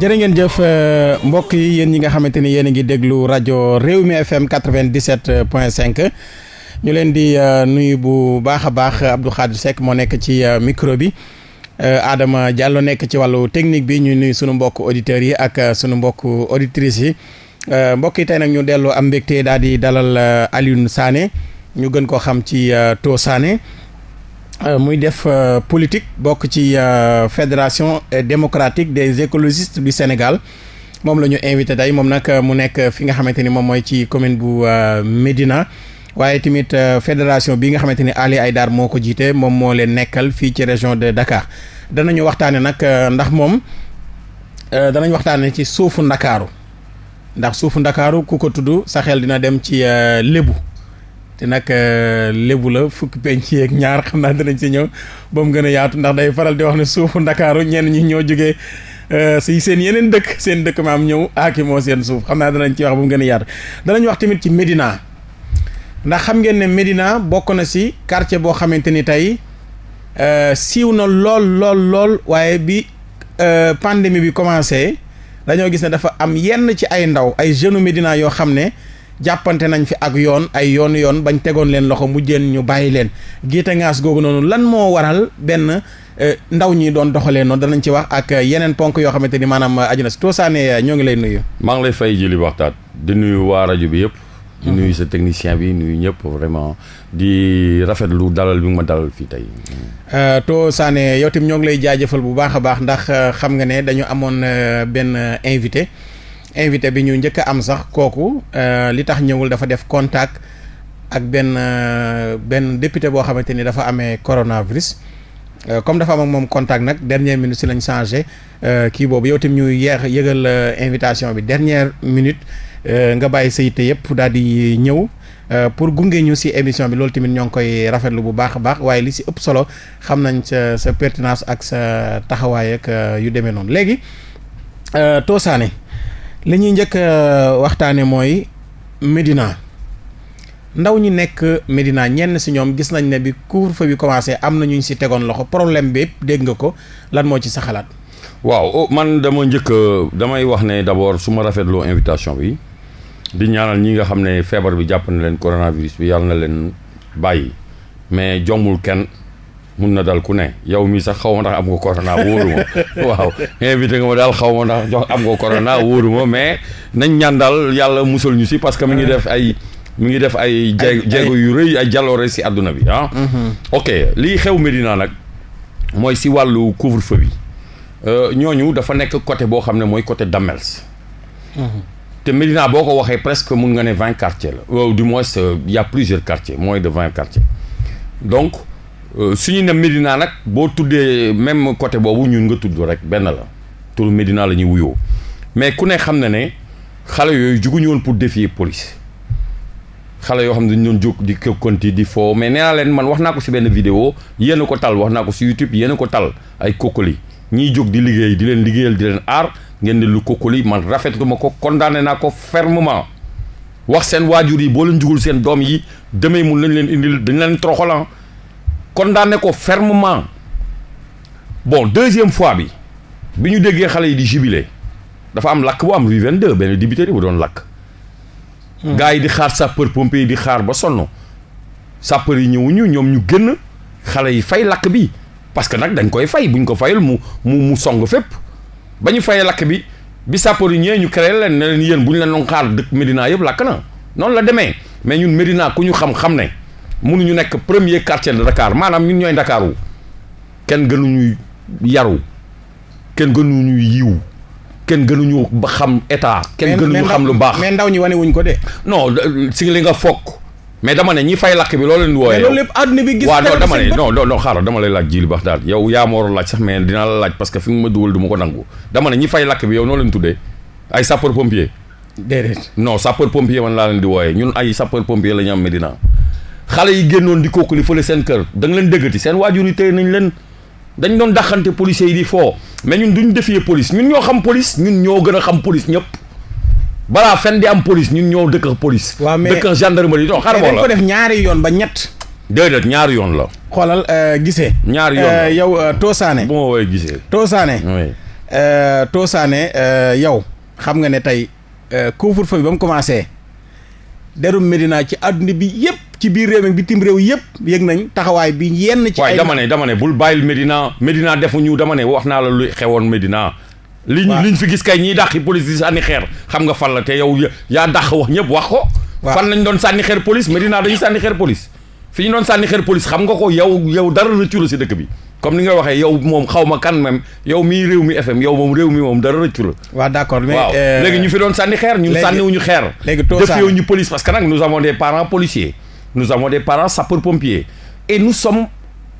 jërë ngeen jëf euh, mbokk yi yéen ñi nga xamante ni yéen a ngi déglu rajo réew mi FM quatre vingt point cinq ñu leen di euh, nuyu bu baax a baax Abdou Khadre Seck moo nekk ci euh, micro bi Adama Diallo nekk ci wàllu technique bi ñu nuy sunu mbokk auditeurs yi ak sunu mbokk auditrices yi mbokk yi tey nag ñu dellu am mbégte daal di dalal Alioune Sané ñu gën koo xam ci To Sané. Euh, muy def euh, politique bokk ci euh, fédération démocratique des écologistes du Sénégal moom la ñu invité tey moom nag mu nekk fi nga xamante ni moom mooy ci commune bu Médina waaye tamit fédération bi nga xamante ni ay Aydar moo ko jiite moom moo leen nekkal fii ci région de Dakar danañu waxtaane nag ndax moom danañ waxtaane ci suufu ndakaaru ndax suufu ndakaaru ku ko tudd sa xel dina dem ci lébu te nag euh, lebu la fukki penc yeeg ñaar xam naa dinañ si ñëw ba mu gën a yaatu ndax day faral di wax ne suufu ndakaaru ñenn ñi ñoo jógee euh, si seen yeneen dëkk seen dëkk maam ñëw aaki moo seen suuf xam naa danañ ci wax ba mu gën a yaatu danañ wax tamit ci Médina ndax xam ngeen ne Médina bokk na si quartier boo xamante ni tey euh, siiw na lool lool lool waaye bi pandémie bi commencé dañoo gis ne dafa am yenn ci ay ndaw ay jeunes Médina yoo xam ne jàppante nañ fi ak yoon ay yoon yoon bañ tegoon leen loxo mujjeen ñu bàyyi leen giite ngaas googu noonu lan moo waral benn eh, ndaw ñi doon doxalee noonu danañ ci wax ak yeneen ponk yoo xamante ni maanaam aju na si toosaane eh, ñoo ngi lay nuyu. maa ngi lay fay jëli waxtaan di waa rajo bi yëpp. Ah. nuyu sa technicien bi nuyu ñëpp vraiment di rafetlu dalal bi ma dalal fii tey. Eh, to Sané yow tamit ñoo ngi lay jaajëfal bu baax a baax ndax xam nga ne dañu amoon benn invité. invité bi ñu njëkk a am sax kooku euh, li tax ñëwul dafa def contact ak benn euh, benn député boo xamante ni dafa amee coronavirus euh, comme dafa am ak moom contact nag dernière minute si lañ changé kii boobu yow tam ñu yeex yëgal invitation bi dernière minute nga bàyyi sa yitte yëpp daal di ñëw pour gunge ñu si émission bi loolu tamit ñoo ngi koy rafetlu bu baax a baax waaye li si ëpp solo xam nañ sa sa pertinence ak sa taxawaay ak yu demee noonu léegi Tosané. li ñuy njëkk euh, waxtaane mooy Médina ndaw ñi nekk Médina ñenn si ñoom gis nañ ne bi couvre-feu bi commencé am na ñu si tegoon loxo problème bi dégg nga ko lan moo ci sa xalaat. waaw oh, man dama njëkk euh, damay wax ne d'abord su ma rafetloo invitation bi di ñaanal ñi nga xam ne feebar bi jàpp na leen coronavirus bi yàlla na leen bàyyi mais jombul kenn. mun na dal ku ne yow mii sax xaw ma ndax am nga corona wóoruma waaw invité nga ma daal xaw ma ndax jox am nga corona wóoruma mais nañ ñaan daal yàlla musal ñu si parce que mi ngi def ay mi ngi def ay jé jéego yu rëy ay jaloore si àdduna bi ah mm-hmm. ok lii xew Medina nag mooy si wàllu couvre feu bi euh, ñooñu dafa nekk côté boo xam ne mooy côté Damels mm-hmm. te Medina boo ko waxee presque mun nga ne vingt quartiers la ou euh, du moins euh, y plusieurs quartiers moins de vingt quartiers donc Euh, suñu ne Médina nag boo tuddee même côté boobu ñun nga tudd rek benn la turu Médina la ñuy wuyoo mais ku ne xam ne ne xale yooyu juguñu woon pour défier police xale yoo xam ne dañu doon jóg di kokkanti di foo mais nee leen man wax naa ko si benn vidéo yéen ko tal wax naa ko si YouTube yéen ko tal ay kokkali ñiy jóg di liggéey di leen liggéeyal di leen aar ngeen di lu kokkali man rafetlu ma ko condamné naa ko fermement wax seen waajur yi boo leen jugul seen doom yi demee mun lañ leen indil dañ leen toroxalan ah. kon condamné ko fermement bon deuxième fois bi bi ñu déggee xale yi di jubilé dafa am lakk bu am rue 22 benn dibiteri bu doon lakk. Hmm. gars yi di xaar sapeur pompier yi di xaar ba sonn sapeur yi ñëwuñu ñoom ñu gën xale yi fay lakk bi parce que nag dañ koy fay bu ñu ko fayul mu mu mu song fépp ba ñu fayee lakk bi bi sapeur yi ñëwee ñu créé leen ne leen yéen bu ñu leen doon xaar dëkk Médina yëpp lakk na noonu la demee mais ñun Médina ku ñu xam-xam ne. mënuñu nekk premier quartier de Dakar maanaam ñun ñooy Ndakaaru kenn gënu gënuñu yaru kenn gënuñu yiw kenn gënuñu ñu xam état. kenn gënuñu xam lu baax mais ndaw ñi wane wuñ ko de. non si nga fokk mais dama ne ñi fay lakk bi loolu leen wooyee. mais bi gis. waaw non dama ne non non xaaral dama lay laaj ji li baax daal ma waroon laaj sax mais dinaa la laaj parce que fi mu ma dugal du ma ko nangu dama ne ñi fay lakk bi yow noo leen tuddee ay sapeur pompier. déedéet non sapeur pompier man laa leen di wooyee ñun ay sapeur pompier la ñu am Medina xale yi génnoon di kookuli fële seen kër da nga leen dëggati seen waajur yi tey nañ leen dañ doon daxante policiers yi di foo mais ñun duñ defee police ñun ñoo xam police ñun ñoo gën a xam police ñëpp balaa fen di am police ñun ñoo dëkk police. waaw mais dëkk gendarmerie non xaaral la ko def ñaari yoon ba ñett. déedéet ñaari yoon la. xoolal euh, gisee. ñaari yoon la euh, yow euh, Tosaane. bu ma woowee gisee. Tosaane. oui yow xam nga ne tey couvre-feu bi ba mu commencé deru Medina ci adduna bi yëpp. ci biir réew mi bitim réew yëpp yëg nañ taxawaay bi yenn ci ay dama ne dama ne bul bàyyil Medina Medina defuñu dama ne wax naa la luy xewoon Medina liñ liñ fi gis kay ñiy dàqi police di sànni xeer xam nga fan la te yow yaa dàq wax ñëpp wax ko fan lañ doon sànni xeer police Medina dañuy sànni xeer police fi ñu doon sànni xeer police xam nga ko yow yow dara rëccu la si dëkk bi comme ni nga waxee yow moom xaw ma kan même yow mii réew mi FM yow moom réew mi moom euh, ñu fi doon sànni xeer. ñu sànniwuñu xeer. léegi tout ça def yow ñu police nous avons des parents sapeurs-pompiers et nous sommes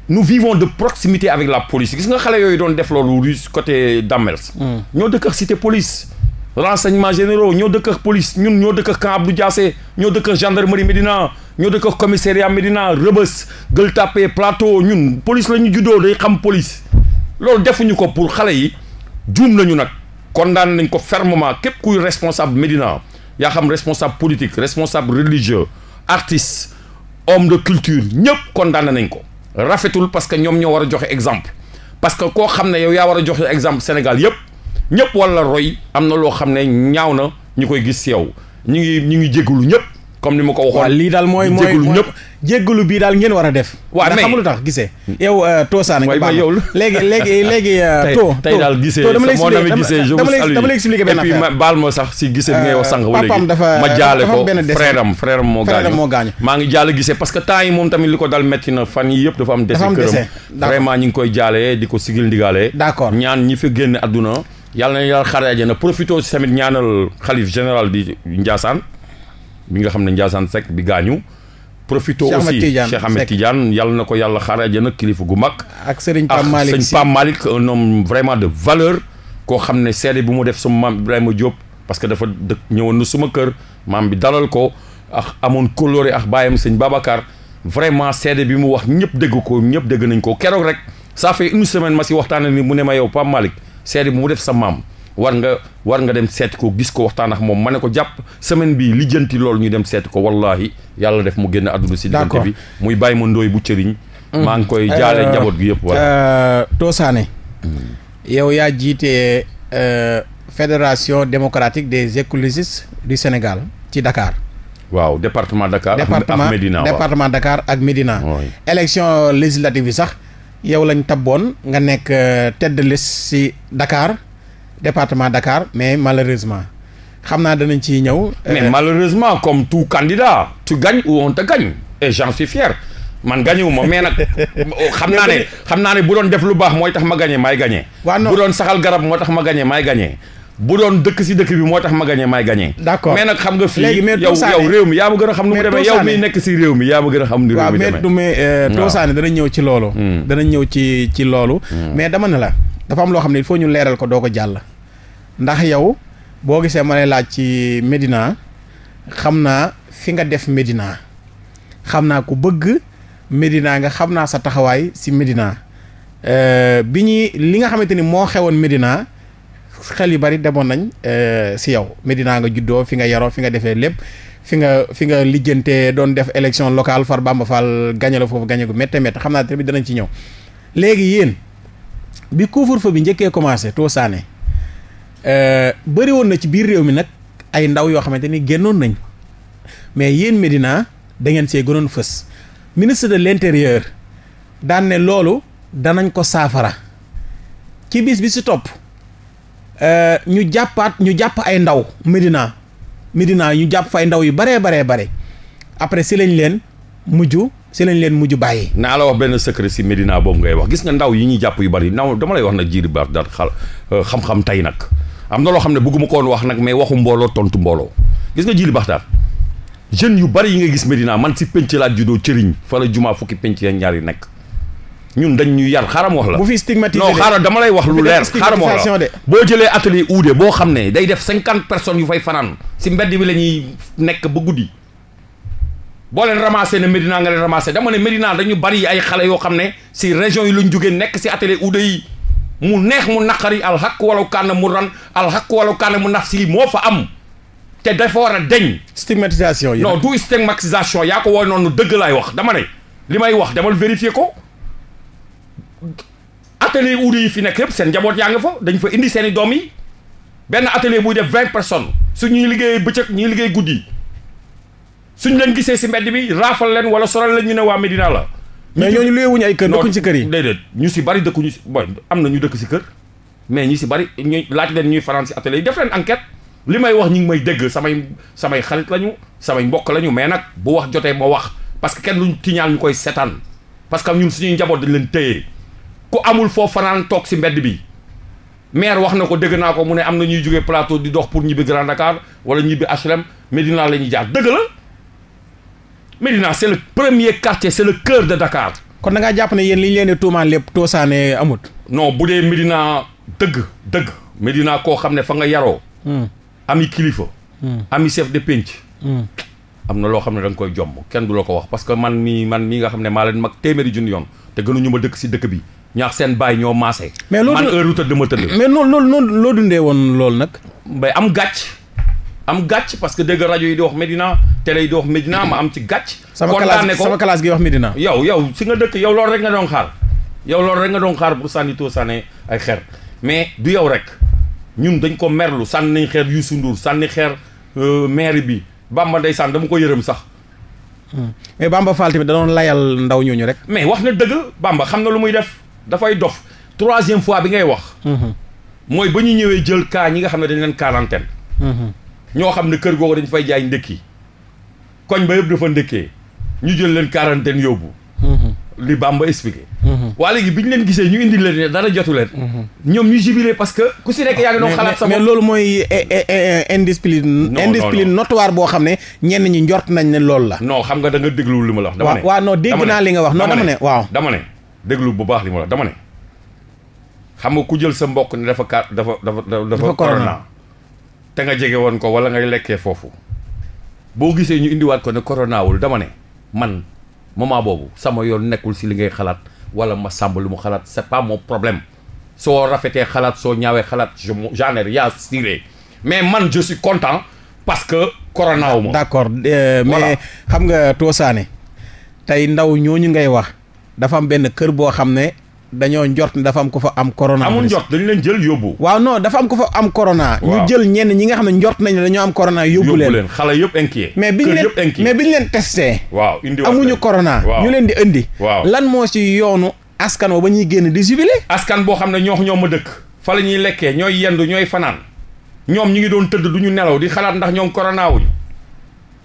nous vivons de proximité avec la police gis nga xale yooyu doon def loolu rue côté Damels hmm. ñoo dëkk ak cité police renseignements généraux ñoo dëkk ak police ñun ñoo dëkk ak camp Abdou Diassé ñoo dëkk ak gendarmerie Médina ñoo dëkk ak commissariat Médina Rebeuss Gueule Tapée Plateau ñun police la ñu juddoo day xam police loolu defuñu ko pour xale yi juum nañu nag condamné nañ ko fermement képp kuy responsable Médina yaa xam responsable politique responsable religieux artiste homme de culture ñëpp condamné nañ ko rafetul parce que ñoom ñoo war a joxe exemple parce que koo xam ne yow yaa war a joxe exemple Sénégal yëpp ñëpp wala roy am na loo xam ne ñaaw na ñu koy gis si yow ñu ngi ñu ngi jégalu ñëpp comme ni ma ko waxoon. waaw lii daal mooy mooy jégalu ñëpp. jégalu bii daal ngeen war a def. waaw mais ndax xam lu tax gisee. yow Toosaan. waay waay yow léegi léegi léegi. too euh, tey daal gisee moo demee gisee je vous salue dama lay expliqué benn affaire et puis baal ma sax si gisee bi ngay wax sànq. ba léegi euh, ma jaale ko frère am frère am moo gaañu. maa ngi jaale gisee parce que temps yi moom tamit li ko daal metti na fan yi yëpp dafa am. dafa am dese këram vraiment ñu ngi koy jaale di ko sigil ndigaale. d'accord ñaan ñi fi génn àdduna yàlla na yàlla xaaree àjjana profité si tamit ñaanal xalif général di Ndiassane bi nga xam ne Ndiassane Seck bi gaañu profito aussi Cheikh Ahmed Tidiane yàlla na ko yàlla xaare àjjana kilifa gu mag ak Serigne Pam Malick ak Serigne Pam Malick vraiment de valeur koo xam ne seede bi mu def sama maam Ibrahima Diop parce que dafa dëkk ñëwoon na suma kër maam bi dalal ko amoon kóllóore ak bàyyam sëñ Babacar vraiment seede bi mu wax ñëpp dégg ko ñëpp dégg nañ ko keroog rek saa fait une semaine ma si waxtaane ni mu ne ma yow Pam Malick seede bu mu def sa maam war nga war nga dem seet ko gis ko waxtaan ak moom ma ne ko jàpp semaine bi lijjanti loolu ñu dem seeti ko wallahi yàlla def mu génn àdduna si diggante bi muy bàyyi ma ndooy bu cëriñ mm. maa ngi koy jaale euh, njaboot gi yëpp wala euh, Tosané mm. yow yaa jiite euh, fédération démocratique des écologistes du Sénégal ci dakaar waaw département Dakar ak Médina département Dakar ak Médina élection yi sax yow lañ tabboon nga nekk tête de liste si Dakar département Dakar mais malheureusement xam naa danañ ci ñëw. Euh, mais malheureusement comme tout candidat tu gagnes ou on te gagne et j'en suis fier man gagné ma mais nag xam naa ne xam naa ne bu doon def lu baax mooy tax ma gagné may gagné. waaw non bu doon saxal garab moo tax ma gagné maay gagné. bu doon dëkk si dëkk bi moo tax ma gagné maay gagné. d'accord mais nag xam nga fii léegi mais yow yow réew mi yaa ma gën a xam nu mu yow mi nekk si réew mi yaa ma a xam nu réew mi demee waaw mais euh, danañ ñëw ci loolu. Hmm. danañ ñëw ci ci loolu. Hmm. mais dama ne la dafa am loo xam ne foo ñu leeral ko doo ko jàll. ndax yow boo gisee ma lay laaj ci Medina xam naa fi nga def Medina xam naa ku bëgg Medina nga xam naa sa taxawaay si Medina euh, bi ñuy li nga xamante ni moo xewoon Medina xel yu bari demoon nañ euh, si yow Medina nga juddoo fi nga yaroo fi nga defee lépp fi nga fi nga lijjantee doon def élection local far Bamba Fall gañe la foofu gañe gu métte métte xam naa tamit danañ ci ñëw léegi yéen bi couvre-feu bi njëkkee commencé too saane Euh, bëri woon na ci biir réew mi nag ay ndaw yoo xamante ni génnoon nañ mais yéen Médina da ngeen see gënoon fës ministre de l'intérieur daan ne loolu danañ ko saafara ci bis bi si topp euh, ñu jàppaat ñu jàpp ay ndaw Médina Médina ñu jàpp fa ay ndaw yu baree baree bare après si lañ leen mujj si lañ leen mujj bàyyi. naa la wax benn secret si Médina boobu ngay wax gis nga ndaw yi ñuy jàpp yu bari ndaw dama lay wax na jiiru baax daal euh, xam-xam tey nag. am na loo xam ne bëgguma ko woon wax nag mais waxu mbooloo tontu mbooloo gis nga Jili Baxtaar jeunes yu bari yi nga gis Medina man si penc laa juddoo cëriñ fa la jumaa fukki penc ya ñaar yi nekk ñun dañ ñu yar xaaram wax la. bu fi stigmatisé non xaaral dama lay wax lu leer xaaram wax boo jëlee atelier uude boo xam ne day def cinquante personnes yu fay fanaan si mbedd bi la ñuy nekk ba guddi boo leen ramassé ne Medina nga leen ramassé dama ne Medina dañu bari ay xale yoo xam ne si région yi lañ jógee nekk si atelier uude yi mu neex mu naqari alxaq walaw kaana mu ran alxaq walaw kaana mu nafsi moo fa am te fa war a deñ stigmatisation yi non du stigmatisation yaa ko wooy noonu dëgg laay wax dama ne li may wax demal vérifier ko atelier ouri yi fi nekk yëpp seen njaboot yaa ngi fa dañ fa indi seen i doom yi benn atelier buy def vingt personnes su ñuy liggéey bëccëg ñuy liggéey guddi suñ leen gisee si mbedd bi raafal leen wala soral leen ñu ne waa Medina la mais ñooñu luye ay kër dëkkuñ ci kër yi déedéet ñu si bari dëkkuñu si bon am na ñu dëkk si kër mais ñu si bari ñu laaj leen ñuy fanaan si atelier yi def leen enquête li may wax ñi ngi may dégg samay samay xarit lañu samay mbokk lañu mais nag bu wax jotee ma wax parce que kenn luñ tiñaal ñu koy seetaan parce que si suñuy njaboot dañ leen téye ku amul foo fanaan toog si mbedd bi maire wax na ko dégg naa ko mu ne am na ñuy jógee plateau di dox pour ñibbi Grand Dakar wala ñibbi HLM Medina la ñuy jaar dëgg la Médina c' est le premier quartier c' est le cœur de Dakar. kon da ngaa jàpp ne yéen li ñu leen di tuumaan lépp toosaane amut. non bu dee Médina dëgg dëgg. Médina koo xam ne fa nga yaroo. Hmm. ami kilifa. Hmm. ami chef de pénc. Hmm. am na loo xam ne da koy jomm kenn du la ko wax parce que man mii man mii nga xam ne maa leen mag téeméeri junni yoon te gënuñu ma dëkk si dëkk bi ñaax seen baay ñoo maase. mais loolu man heure tëdd ma tëdd. mais noonu loo noonu loo dundee woon loolu nag. mbay am gàcc. am gàcc parce que dégg rajo yi di wax Medina télé yi di wax Medina ma am ci gàcc. kontaanee ko sama classe gi wax Medina. yow yow si nga dëkk yow loolu rek nga doon xaar yow loolu rek nga doon xaar pour sànni too sànne ay xeer mais du yow rek ñun dañ ko merlu sànni nañ xeer Youssou Ndour sànni xeer euh, maire bi Bamba ndeysaan dama ko yërëm sax. Hmm. mais Bamba Fall tamit danoon layal ndaw ñooñu rek. mais wax na dëgg Bamba xam na lu muy def dafay dof troisième fois bi ngay wax. Hmm. mooy ba ñu ñëwee jël kaa ñi nga xam ne dañ leen quarantaine hmm. ñoo xam ne kër googu dañ fay jaay ndékki koñ ba yëpp dafa ndékkee ñu jël leen quarantaine yóbbu mhm. li Bamba expliqué mhm. waa léegi bi ñu leen gisee ñu indi leen dara jotu leen mhm. ñoom ñu jubilé parce que ku si nekk yaa ngi doon xalaat sa bopp mais loolu mooy indiscipline indiscipline notoire boo xam ne ñenn ñi njort nañ ne loolu la noo xam nga da nga dégluwul li ma la wax dama ne waaw non dégg naa li nga wax non dama ne waaw dama ne déglu bu baax li ma la dama ne xam nga ku jël sa mbokk ne dafa dafa dafa dafa corona te nga jege woon ko wala nga lekkee foofu boo gisee ñu indiwaat ko ne coronaawul dama ne man moment boobu sama yoon nekkul si li ngay xalaat wala ma sàmb lu mu xalaat c'est pas mon problème soo rafetee xalaat soo ñaawee xalaat je j'en ai mais man je suis content parce que corona wu ma. d'accord euh, voilà. mais xam nga toosaane tey ndaw ñooñu ngay wax dafa am benn kër boo xam ne. dañoo njort ne dafa am ko fa am corona. amul njort dañu leen jël yóbbu. waaw noo dafa am ko fa am corona. ñu jël ñenn ñi nga xam ne njort nañ ne dañoo am corona yóbbu leen. yóbbu leen yëpp inquiet. mais bi ñu leen mais ñu leen testé. waaw indi amuñu corona. ñu leen di indi. waaw lan moo ci yoonu askan wa ba ñuy génn di jubilé. askan boo xam ne ñoo ñoom ma dëkk. fa la ñuy lekkee ñooy yendu ñooy fanaan ñoom ñu ngi doon tëdd du ñu nelaw di xalaat ndax ñoom corona wuñu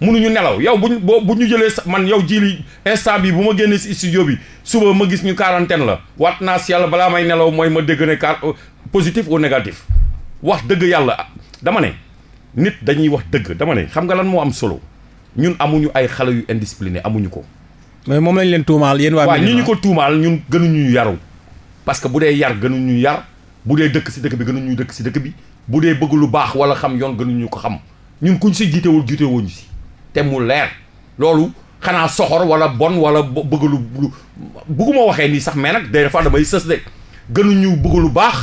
mënuñu nelaw yow buñ boo bu ñu jëlee man yow jili instant bi bu ma génnee si studio bi suba ma gis ñu quarantaine la waat naa si yàlla balaa may nelaw mooy ma dégg ne car euh, positif ou négatif wax dëgg yàlla dama ne nit dañuy wax dëgg dama ne xam nga lan moo am solo ñun amuñu ay xale yu indiscipliné amuñu ko. mais moom lañ leen tuumaal yéen waa. waaw ñu ko tuumaal ñun gënuñu yaru parce que bu dee yar gënuñu yar bu dee dëkk si dëkk bi gënuñu dëkk si dëkk bi bu dee bëgg lu baax wala xam yoon gënuñu ko xam ñun kuñ si jiitewul jiitewuñu si te mu leer loolu xanaa soxor wala bon wala bëgg lu bëgguma waxee nii sax mais nag des fois damay sës de gënuñu bëgg lu baax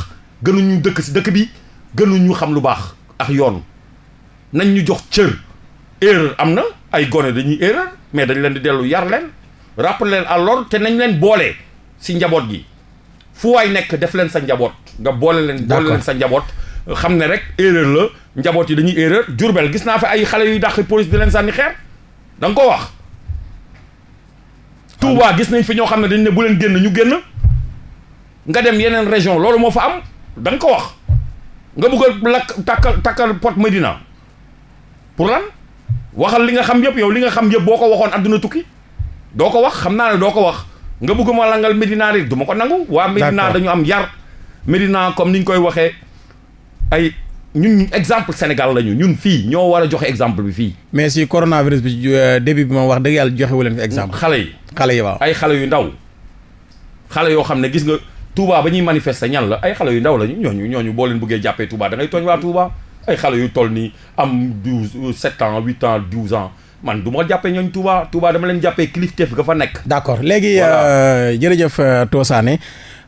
gënuñu dëkk si dëkk bi gënuñu xam lu baax ak yoon nañ ñu jox cër erreur am na ay gone dañuy erreur mais dañ leen di dellu yar leen rappeler leen alors te nañ leen boole si njaboot gi fu waay nekk def leen sa njaboot nga boole leen boole leen sa njaboot xam ne rek erreur la njaboot yi dañuy erreur Jurbel gis naa fi ay xale yuy dàq police di leen sànni xeer danga ko wax Touba gis nañ fi ñoo xam ne dañ ne bu leen génn ñu génn nga dem yeneen région loolu moo fa am da ko wax nga bëgg a lakk takkal takkal pot Medina pour lan waxal li nga xam yëpp yow li nga xam yëpp boo ko waxoon àdduna tukki doo ko wax xam naa ne doo ko wax nga bëgg ma langal Medina rek du ma ko nangu waa Medina dañu am yar Medina comme ni koy waxee ay ñun exemple Sénégal la ñu ñun fii ñoo war a joxe exemple bi fii. mais si coronavirus bi euh, début bi ma wax dëgg yàlla joxe wu leen fi exemple. xale yi xale yi waaw. ay xale yu ndaw xale yoo xam ne gis nga Touba ba ñuy manifester ñan la ay xale yu ndaw la ñu ñooñu ñooñu boo leen bëggee jàppee Touba da ngay tooñ waa Touba ay xale yu toll nii am douze euh, sept ans huit ans douze man du ma jàppee ñooñ Touba Touba dama leen jàppee kilifteef ga fa nekk. d'accord léegi euh, jërëjëf Tosané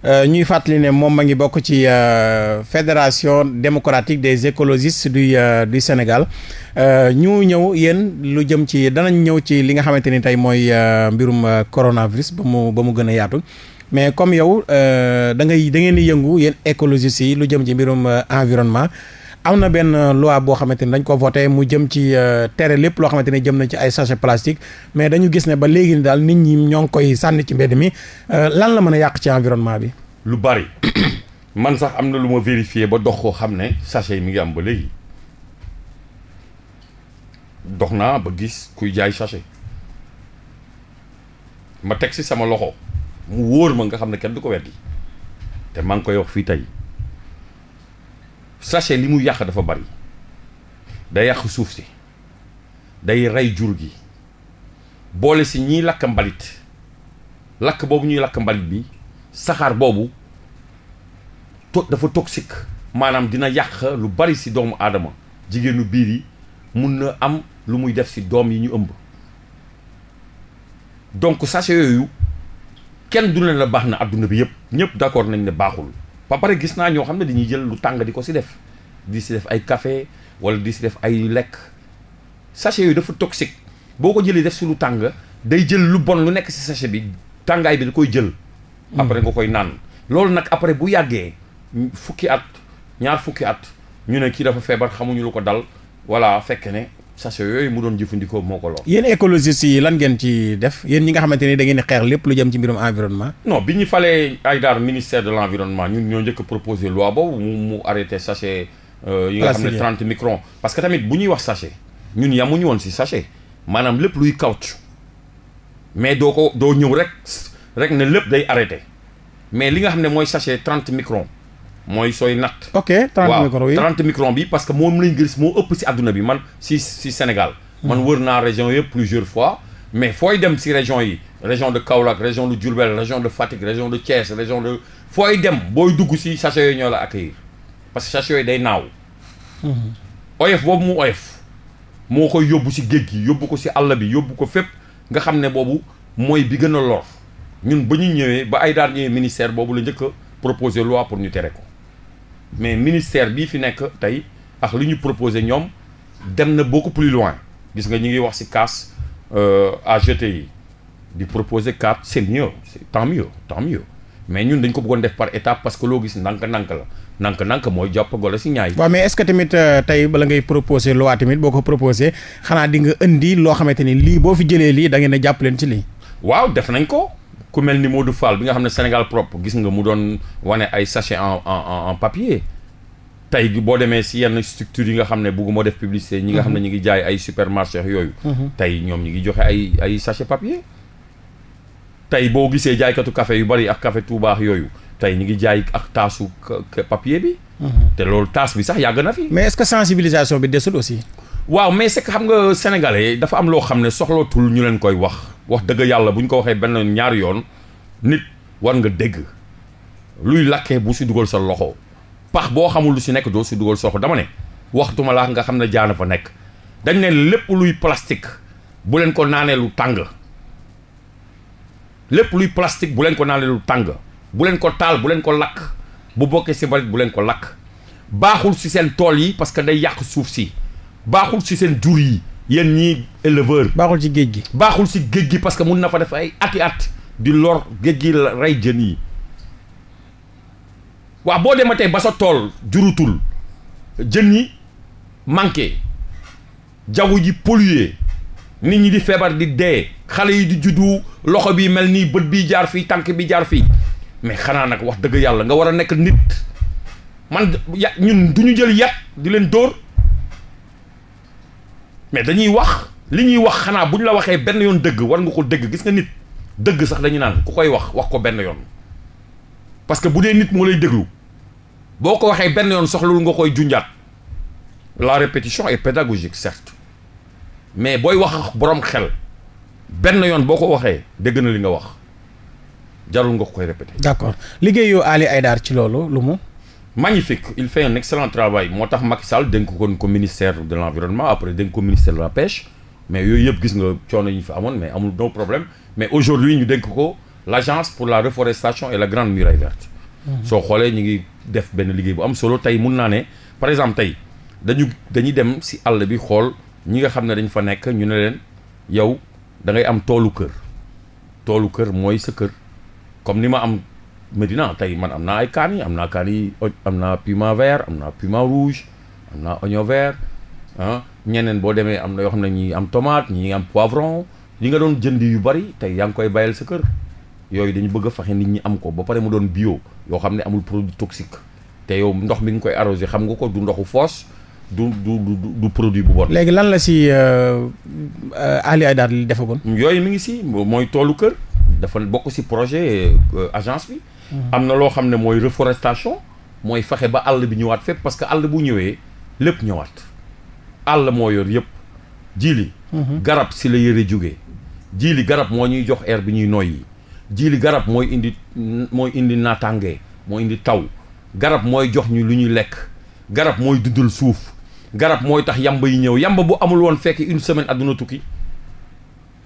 Euh, ñuy fàttali ne moom ma ngi bokk ci euh, fédération démocratique des écologistes du euh, du Sénégal ñu ñëw yéen lu jëm ci danañ ñëw ci li nga xamante ni tey mooy mbirum coronavirus ba mu ba mu gën a yaatu mais comme yow da ngay da ngeen di yëngu yéen écologistes yi lu jëm ci mbirum environnement. am na benn loi boo xamante ni dañ koo voté mu jëm ci euh, tere lépp loo xamante ni jëm na ci ay sachet plastique mais dañu gis ne ba léegi ni daal nit ñi ñoo ngi koy sànni ci mbedd mi euh, lan la mën a yàq ci environnement bi. lu bari man sax am na lu ma vérifié ba dox ko xam ne sachet yi mi ngi am ba léegi dox naa ba gis kuy jaay sachet ma teg si sama loxo mu wóor ma nga xam ne kenn du ko weddi te maa ngi koy wax fii tey. sachet li muy yàq dafa bari day yàq suuf si day rey jur gi boole si ñiy lakk mbalit lakk boobu ñuy lakk mbalit bi saxaar boobu to dafa toxique maanaam dina yàq lu bari si doomu aadama jigéenu biir yi mun na am lu muy def si doom yi ñu ëmb donc sachet yooyu kenn du ne la baax na àdduna bi yëpp ñëpp d'accord nañ ne baaxul ba pare gis naa ñoo xam ne dañuy jël lu tàng di ko si def di si def ay kafe wala di si def ay lekk sachet yooyu dafa toxique boo ko jëlee def si lu tàng day jël lu bon lu nekk si sachet bi tàngaay bi da koy jël hmm. après nga koy naan loolu nag après bu yàggee fukki at ñaar fukki at ñu ne kii dafa feebar xamuñu lu ko dal voilà fekk ne sachet yooyu mu doon jëfandikoo moo ko lor. yéen écologistes yi lan ngeen ci def yéen ñi nga xamante ni da ngeen di xeex lépp lu jëm ci mbirum environnement. no bi ñu falee ay daar ministère de l' environnement ñun ñoo njëkk a proposé loi boobu mu mu arrêté sachet. Euh, yi nga xam ne 30 microns. parce que tamit bu ñuy wax sachet ñun yamuñu woon si sachet maanaam lépp luy kaw mais doo ko doo ñëw rek rek ne lépp day arrêté mais li nga xam ne mooy sachet 30 micron mooy sooy natt. ok 30 microns yi waaw 30 bi parce que moom lañ gis moo ëpp si àdduna bi man si si Sénégal. man hmm. wër naa région yëpp plusieurs fois. mais fooy dem si région yi région de Kaolack région de Diourbel région de Fatick région de Thiès région de fooy dem booy dugg si sachet yooyu ñoo la accueillir parce que sachet yooyu day naaw. Hmm. oyof boobu mu oyof moo ko yóbbu si géej gi yóbbu ko si àll bi yóbbu ko fépp nga xam ne boobu mooy bi gën a lor ñun ba ñu ñëwee ba ay daan ñëwee ministère boobu la njëkk a proposé pour ñu tere ko. mais ministère bii fi nekk tey ak li ñu proposé ñoom dem na beaucoup plus loin gis nga ñu ngi wax ci casse euh, à jeter yi di proposer quatre c'est mieux c'est tant mieux tant mieux mais ñun dañ ko bëggoon def par étape parce que loo gis ndànk-ndànk la ndànk-ndànk mooy jàpp golo ci ñaay. waaw mais est-ce que tamit euh, tey bala ngay proposer loi tamit boo ko proposer xanaa di nga indi loo xamante ni lii boo fi jëlee lii da ngeen a jàpp leen ci lii. waaw def nañ ko ku mel ni Modou Fall bi nga xam ne Sénégal propre gis nga mu doon wane ay sachet en en en papier. tey boo demee si yenn structures yi nga xam ne bugguma def publicité ñi nga xam ne mhm. ñu ngi jaay ay supermarché yooyu. Mhm. tey ñoom ñu ngi joxe ay ay sachet papier. tey boo gisee jaaykatu kafe yu bari ak café Touba yooyu tey ñu ngi jaay ak taasu papier bi. Mhm. te loolu taas bi sax yàgg na fi. mais est-ce sensibilisation bi desul aussi. waaw mais c'est xam nga sénégalais dafa am loo xam ne soxlootul ñu leen koy wax. wax dëgg yàlla bu ñu ko waxee benn ñaari yoon nit war nga dégg luy lakkee bu si dugal sa loxo pax boo xamul lu si nekk doo si dugal sa loxo dama ne waxtuma laa nga xam ne jaana fa nekk dañ ne lépp luy plastique bu leen naanee lu tàng lépp luy plastique bu leen ko naanee lu tàng bu leen ko taal bu leen ko lakk bu bokkee si mbalit bu leen ko lakk baaxul si seen tool yi parce que day yàq suuf si baaxul si seen jur yi yéen ñii éleveur. baaxul ci géej gi. baaxul ci géej gi parce que mun na fa def ay ati at di lor géej gi rey jën yi waaw boo dematee ba sa tool jurutul jën yi manqué jaww ji pollué nit ñi di feebar di dee xale yi di juddu loxo bii mel nii bët bi jaar fii tànk bi jaar fii mais xanaa nag wax dëgg yàlla nga war a nekk nit man ñun du ñu jël yat di leen dóor. mais dañuy wax li ñuy wax xanaa bu ñu la waxee benn yoon dëgg war nga ko dëgg gis nga nit dëgg sax dañu naan ku koy wax wax ko benn yoon parce que bu dee nit moo lay déglu boo ko waxee benn yoon soxlawul nga koy junjaat la répétition est pédagogique certes mais booy wax boroom xel benn yoon boo ko waxee dëgg na li nga wax jarul nga ko koy répété. d'accord liggéeyu Ali aydaar ci loolu lu mu. magnifique il fait un excellent travail moo tax Macky Sall dénk ko ministère de l'environnement après dénk ko ministère de la pêche mais yooyu yëpp gis nga coono yi ñu fi amoon mais amul no problème mais aujourd'hui ñu dénk ko l'agence pour la reforestation et la grande muraille verte mmh. soo xoolee ñu ngi def benn liggéey bu am solo tey mun naa ne par exemple tey dañu dañuy dem si àll bi xool ñi nga xam ne dañ fa nekk ñu ne leen yow da ngay am toolu kër toolu kër mooy sa kër comme ni ma am Medina tey man am naa ay kaani am naa kaani am naa piment vert am na piment rouge am naa oignon vert ah ñeneen boo demee am na yoo xam ne ñi am tomate ñi am poivron li nga doon jënd yu bari tey yaa ngi koy bàyyil sa kër yooyu dañu bëgg a nit ñi am ko ba pare mu doon bio yoo xam ne amul produit toxique te yow ndox mi nga koy arrosé xam nga ko du ndoxu foos du du du du produit bu bon. léegi lan la si euh, euh, Ali Haïdar li defagoon. yooyu mi ngi si mooy toolu kër dafa bokk si projet euh, agence bi. am na loo xam ne mooy reforestation mooy faxe ba àll bi ñëwaat fépp parce que àll bu ñëwee lépp ñëwaat àll moo yor yëpp jiili mhm. garab si la yëre jóge jiili garab moo ñuy jox air bi ñuy noyyi jiili garab mooy indi mooy indi naataange mooy indi taw garab mooy jox ñu lu ñuy lekk garab mooy duddul suuf garab mooy tax yamba yi ñëw yamba bu amul woon fekk une semaine àdduna tukki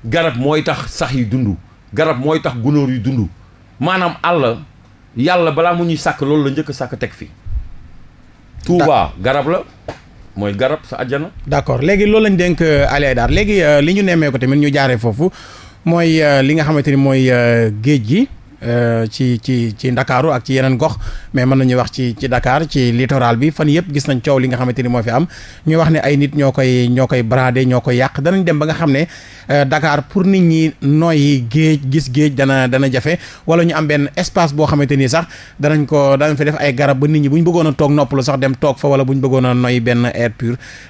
garab mooy tax sax yi dund garab mooy tax gunóor yi dund maanaam àll yàlla balaa mu ñuy sàkk loolu la njëkk a sàkk teg fi Touba garab la mooy garab sa àjjana d'accord léegi loolu lañ dénk euh, Ali Haïdar léegi euh, li ñu nemmee ko tamit ñu jaaree foofu mooy euh, li nga xamante ni mooy géej gi Euh, ci ci ci ndakaaru ak ci yeneen gox mais mën nañuy wax ci ci dakaar ci littoral bi fan yëpp gis nañ coow li nga xamante ni moo fi am ñuy wax ni ay nit ñoo koy ñoo koy brader ñoo koy yàq danañ dem ba nga xam ne euh, Dakar pour nit ñi nooy géej gis géej dana dana jafe wala ñu am benn espace boo xamante ni sax danañ ko danañ fi def ay garab nit ñi bu bëggoon a toog noppalu sax dem toog fa wala bu ñu bëggoon a benn air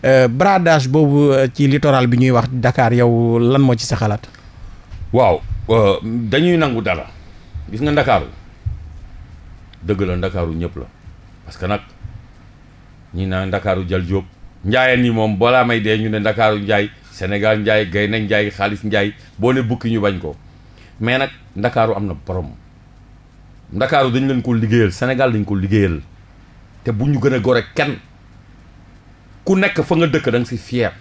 euh, bradage boobu ci littoral bi ñuy wax dakaar yow lan moo ci sa xalaat. waaw dañuy nangu dara. gis nga ndakaaru dëgg la ndakaaru ñëpp la parce que nag ñi naa ndakaaru jal jóob njaayeen yi moom balaa may dee ñu ne ndakaaru njaay Sénégal njaay gaynde njaay xaalis njaay boo ne bukki ñu bañ ko mais nag ndakaaru am na borom ndakaaru dañ leen ko liggéeyal senegal dañ ko liggéeyal te bu ñu gën a gore kenn ku nekk fa nga dëkk da nga si fier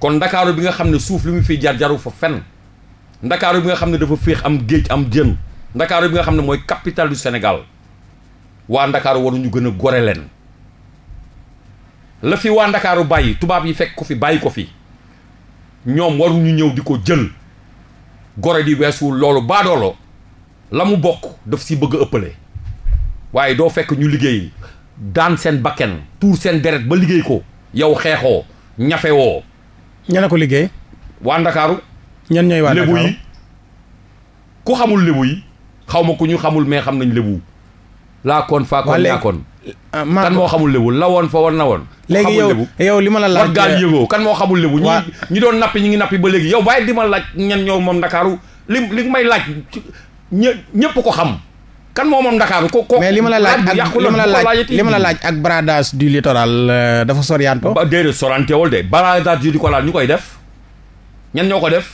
kon ndakaaru bi nga xam ne suuf lu mu fiy jaar jaru fa fenn ndakaaru bi nga xam ne dafa féex am géej am jën ndakaaru bi nga xam ne mooy capitale du Sénégal waa ndakaaru waruñu gën a gore leen la fi waa ndakaaru bàyyi tubaab yi fekk ko fi bàyyi ko fi ñoom waruñu ñëw di ko jël gore di weesuwul loolu baadoolo la mu bokk daf si bëgg a ëppale waaye doo fekk ñu liggéey daan seen bakken tuur seen deret ba liggéey ko yow xeexoo ñafewoo ñan a ko liggéey waa ndakaaru ñan ñooy waa ndakaaru yi ku xamul lébu yi xaw ma ku ñu xamul mais xam nañ lébu. laakoon faakoon yaakoon ah, kan moo xamul lébu lawoon fa na woon. léegi yow yow li ma la laaj gaal yëgoo kan moo xamul lébu. ñi ñi doon nappi ñi ngi nappi ba léegi yow bàyyi di ma laaj ñen ñoo moom ndakaaru li may laaj ñëpp ko xam. kan moo moom Dakar ko ko mais li ma la laaj ak li ma la laaj li ma la laaj ak bradage du littoral euh, dafa sorianto ba déedéet soriante wul de di ko littoral ñu koy def ñan ñoo ko def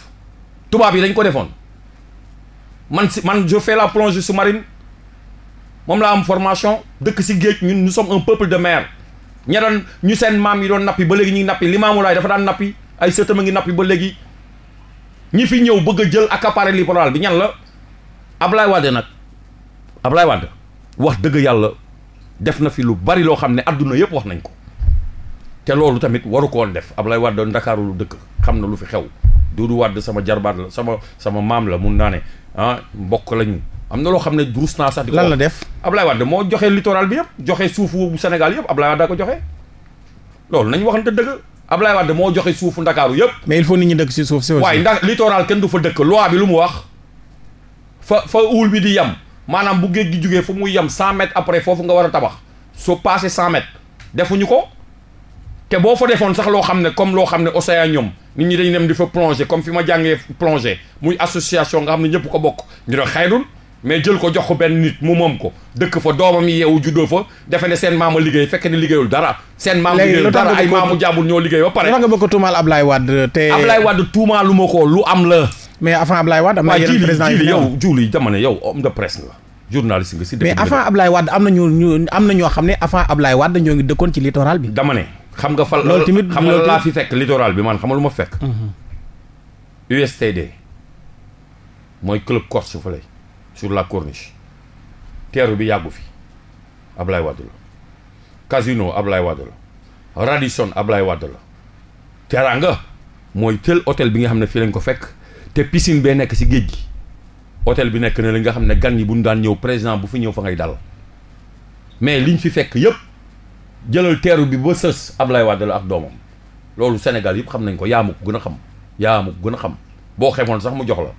tubaab yi dañ ko defoon man si man je fais la plongée sous-marine moom laa am formation dëkk si géej ñun nous sommes un peuple de mer ña doon ñu seen maam yi doon nappi ba léegi ñu ngi nappi Limaamu Laay dafa daan nappi ay sëtam a ngi nappi ba léegi ñi fi ñëw bëgg a jël accaparer littoral bi ñan la laay Wade nag Ablaye Wade wax dëgg yàlla def na fi lu bari loo xam ne àdduna yëpp wax nañ ko te loolu tamit waru ko woon def ab Ablaye Wade Ndakaaru lu dëkk xam na lu fi xew Doudou Wade sama jarbaat la sama sama maam la mun naa ne ah mbokk lañu am na loo xam ne ruus naa sax. di ko lan la def ab Ablaye Wade moo joxe littoral bi yëpp joxe suuf bu Sénégal yëpp Ablaye Wade daa ko joxe loolu nañ waxante dëgg Ablaye Wade moo joxe suufu Ndakaaru yëpp. mais il faut nit ñi dëkk si suuf si. waaye ndax littoral kenn du fa dëkk loi bi lu mu wax fa fa uul bi di yam maanaam bu géej gi jógee fu muy yam 100 après foofu nga war a tabax soo passé 100 mètres defuñu ko. te boo fa defoon sax loo xam ne comme loo xam ne océan ñoom nit ñi dañu dem di fa plongé comme fi ma jàngee plongé muy association nga xam ne ñëpp ko bokk ñu ne xayrul mais jël ko jox ko benn nit mu moom ko dëkk fa doomam yi yeewu juddoo fa defe seen maama liggéey fekk ne liggéeyul dara seen maam liggéeyul dara ay maamu liggéey ba pare nga bëgg ko tuumaal Ablaye Wade te Ablaye Wade ma ko lu am la mais avant Ablaye Wade am na yeneen président yi yow ne yow homme de presse nga journaliste nga avant Ablaye Wade am na ñu ñu am na ñoo xam ne avant Ablaye Wade ñoo ngi dëkkoon ci littoral bi dama xam nga fal loolu tamit xam nga laa fi fekk littoral bi man xam nga lu ma fekk. Mhm. USTD mooy club corse su fële sur la corniche teeru bi yàggu fi Ablaye Wade la Casino Ablaye Wade la Radisson Ablaye Wade la Teranga mooy tel hôtel bi nga xam ne fii lañ ko fekk te piscine bee nekk ci géej gi hôtel bi nekk na li nga xam ne gan yi bu ñu daan ñëw président bu fi ñëw fa ngay dal mais liñ fi fekk yëpp. jëlal teeru bi ba sës Ablaye Wade la ak doomam loolu Sénégal yëpp xam nañ ko yaa ma ko gën a xam yaa ma ko gën a xam boo xemoon sax mu jox la.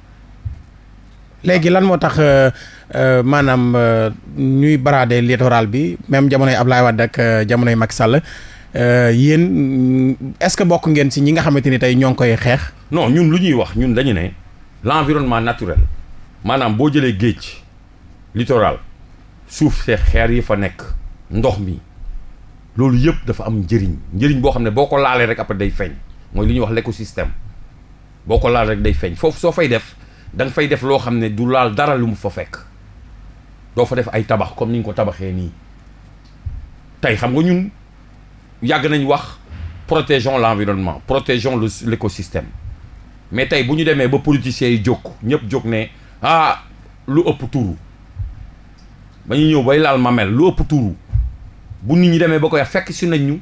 léegi lan moo tax euh, euh, maanaam euh, ñuy baraade littoral bi même ab Ablaye Wade ak jamonoy mag Sall yéen est-ce que bokk ngeen ci ñi nga xamante ni tey ñoo ngi koy xeex. non ñun lu ñuy wax ñun dañu ne l'environnement naturel maanaam boo jëlee géej littoral suuf see xeer yi fa nekk ndox mi. loolu yëpp dafa am njëriñ njëriñ boo xam ne boo ko laalee rek après day feñ mooy li ñu wax l'écosystème boo ko laal rek day feñ foofu soo fay def da fay def loo xam ne du laal dara lu mu fa fekk doo fa def ay tabax comme ni ñu ko tabaxee nii tey xam nga ñun yàgg nañ wax protégeons l'environnement protégeons l'écosystème mais tey bu ñu demee ba politiciens yi jóg ñëpp jóg ne ah lu ëpp tuuru ba ñu ñëw bay laal mamel lu ëpp tuuru bu nit ñi demee ba koy fekk si nañ ñu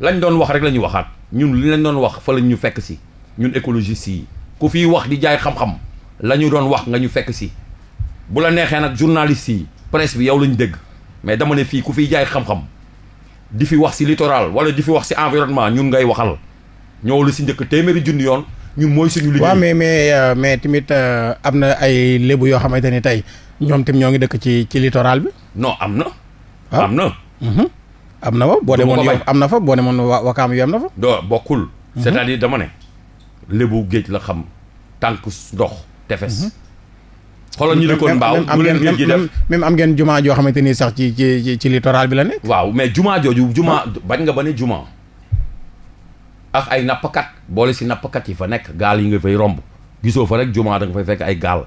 lañ doon wax rek la ñuy waxaat ñun li lañ doon wax fa lañ ñu fekk si ñun écologistes yi ku fiy wax di jaay xam-xam la ñu doon wax nga ñu fekk si bu la neexee nag journalistes yi presse bi yow lañ dégg mais dama ne fii ku fiy jaay xam-xam di fi wax si littoral wala di fi wax si environnement ñun ngay waxal ñoo lu si njëkk téeméeri junni yoon ñun mooy suñu liggéey waaw mais mais euh, mais tamit euh, am na ay lébu yoo xamante ni tey ñoom tam ñoo ngi dëkk ci ci littoral bi non am na ah. am na Mhm. am na fa boo demoon yow am na fa boo demoon wa wakaam yow am na fa. doo bokkul. Mhm. c'est-à-dire dama ne. lébu géej la xam tànk ndox tefes. Mhm. xoolal ñu nekkoon mbaaw mu leen géej gi même am ngeen jumaa joo xamante ni sax ci ci ci littoral bi la nekk. waaw mais jumaa jooju jumaa ah. bañ nga ba ne jumaa ak ay nappkat boole si nappkat yi fa nekk gaal yi nga fay romb gisoo fa rek jumaa da nga fay fekk ay gaal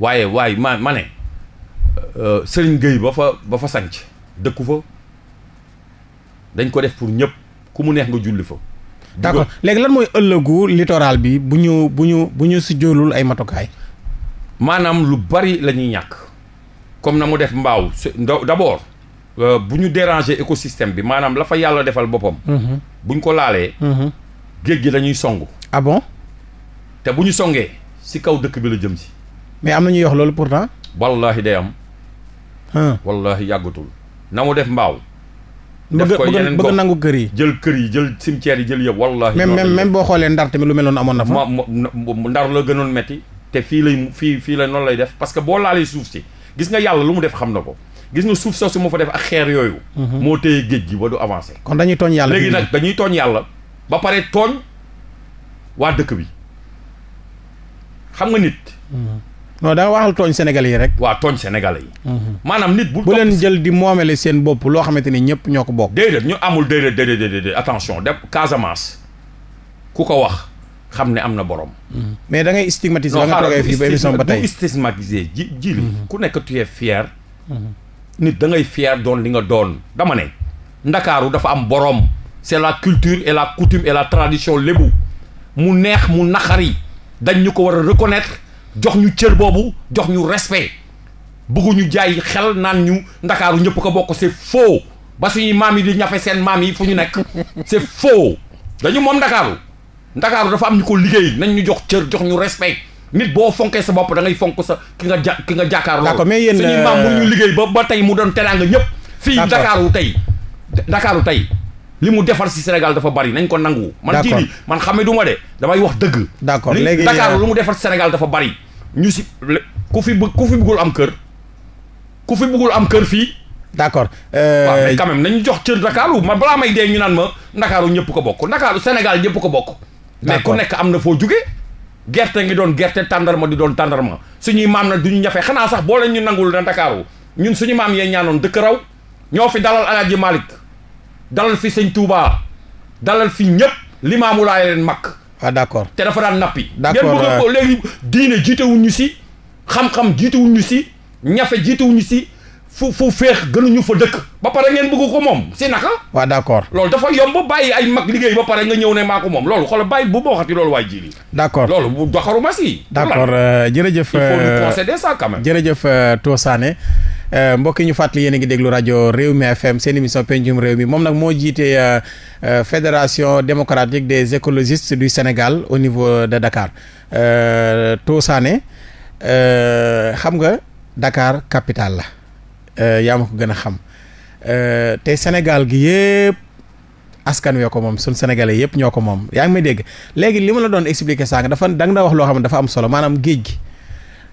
waaye waaye ma ma ne euh, Serigne Gueye ba fa ba fa sanc dëkku fa dañ ko def pour ñëpp ku mu neex nga julli fa. d'accord léegi lan mooy ëllëgu littoral bi bu ñu bu ñu bu ñu si jëlul ay matukaay. maanaam lu bari la ñuy ñàkk comme na mu def mbaaw d'abord euh, bu ñu déranger écosystème bi maanaam la fa yàlla defal boppam. Mhm. bu ñu ko laalee. Mhm. géej gi lañuy song. abon ah te bu ñu songee si kaw dëkk bi la jëm si. mais am na ñuy wax loolu pour pourtant. wallaahi day am. wallaahi yàggatul. na mu def mbaaw. def ko yeneen bëgg nangu kër yi. jël kër yi jël cimetière yi jël yëpp wallaahi. même même même boo xoolee ndar tamit lu mel noonu amoon na fa. ndar la gënoon metti te fii lay fii fii la noonu lay def parce que boo laalee suuf si gis nga yàlla lu mu def xam na ko. gis nga suuf soosu mu fa def ak xeer yooyu. Mhm. moo téye géej gi ba du avancé. kon dañuy tooñ yàlla léegi nag dañuy tooñ yàlla. ba pare tooñ waa dëkk bi mhm. xam nga nit. Mhm. non da nga waxal tooñ sénégalais rek. waa tooñ sénégalais yi. maanaam nit bu. bu jël di moomele seen bopp loo xamante ni ñëpp ñoo ko bokk. déedéet ñu amul déedéet déedéet déedéet attention dem ku ko wax xam ne am na borom. mais da ngay stigmatiser. da nga toogee ba émission ba ji ji mhm. ku nekk tu es nit dangay ngay doon li nga doon dama ne. ndakaaru dafa am borom. c'est la culture et la coutume et la tradition lébu mu neex mu naqari dañ ñu ko war a reconnaître jox ñu cër boobu jox ñu respect bëgguñu jaay xel naan ñu ndakaaru ñëpp ko bokk c'est faux ba suñuy maam yi di ñafe seen maam yi fu ñu nekk c'est faux dañu moom ndakaaru ndakaaru dafa am ñu ko liggéey nañ ñu jox cër jox ñu respe nit boo fonkee sa bopp da fonk sa ki nga ja ki nga jàkkaar loolu mais yéen suñuy euh, maam mënuñu liggéey ba ba tey mu doon teraanga ñëpp fii ndakaaru tey ndakaaru tey li mu defar si Sénégal dafa bari nañ ko nangu. man ji li man xame du ma de damay wax dëgg. d'accord léegi Dakar lu mu defar si Sénégal dafa bari. ñu si ku fi bë ku fi bëggul am kër ku fi bëggul am kër fii. d'accord. waaw mais euh, quand même nañu jox cër Ndakaaru ma balaa may dee ñu naan ma Ndakaaru ñëpp ko bokk Ndakaaru Sénégal ñëpp ko bokk. mais ku nekk am na foo jugee. gerte ngi doon gerte tàndarma di doon tàndarma suñuy maam na duñu ñafe xanaa sax boo leen ñu nangul na Ndakaaru ñun suñu maam yee ñaanoon dëkk raw ñoo fi dalal Alaaji Malick dalal fi sëñ Touba dalal fi ñëpp limaamu laay leen mag. ah d' accord te dafa daan nappi. d' accord ngeen bëgg ko léegi diine jiitewuñu si xam-xam wuñu si ñafe wuñu si. fu fu féex gënuñu fa dëkk ba pare ngeen bëgg ko moom si naka waaw d'accord loolu dafa yomb bàyyi ay mag liggéey ba pare nga ñëw ne maa ko moom loolu xoolal bàyyi bu boo xati loolu waay ji li d'accord loolu bu doxaru ma si d'accord euh, jërëjëf il faut nous euh, concéder ça quand jërëjëf euh, Tosané Euh, mbokk yi ñu fàttali yéen a ngi déglu rajo réew mi FM seen émission pencum réew mi moom nag moo jiite euh, euh, fédération démocratique des écologistes du senegal au niveau de Dakar Tosané xam nga Dakar capitale la yaa ma ko gën a xam te senegal gi yëpp. askan wee moom suñ sénégalais yëpp ñoo ko moom yaa ngi may dégg léegi li ma la doon expliquer sànq dafa da nga wax loo xam ne dafa am solo maanaam géej gi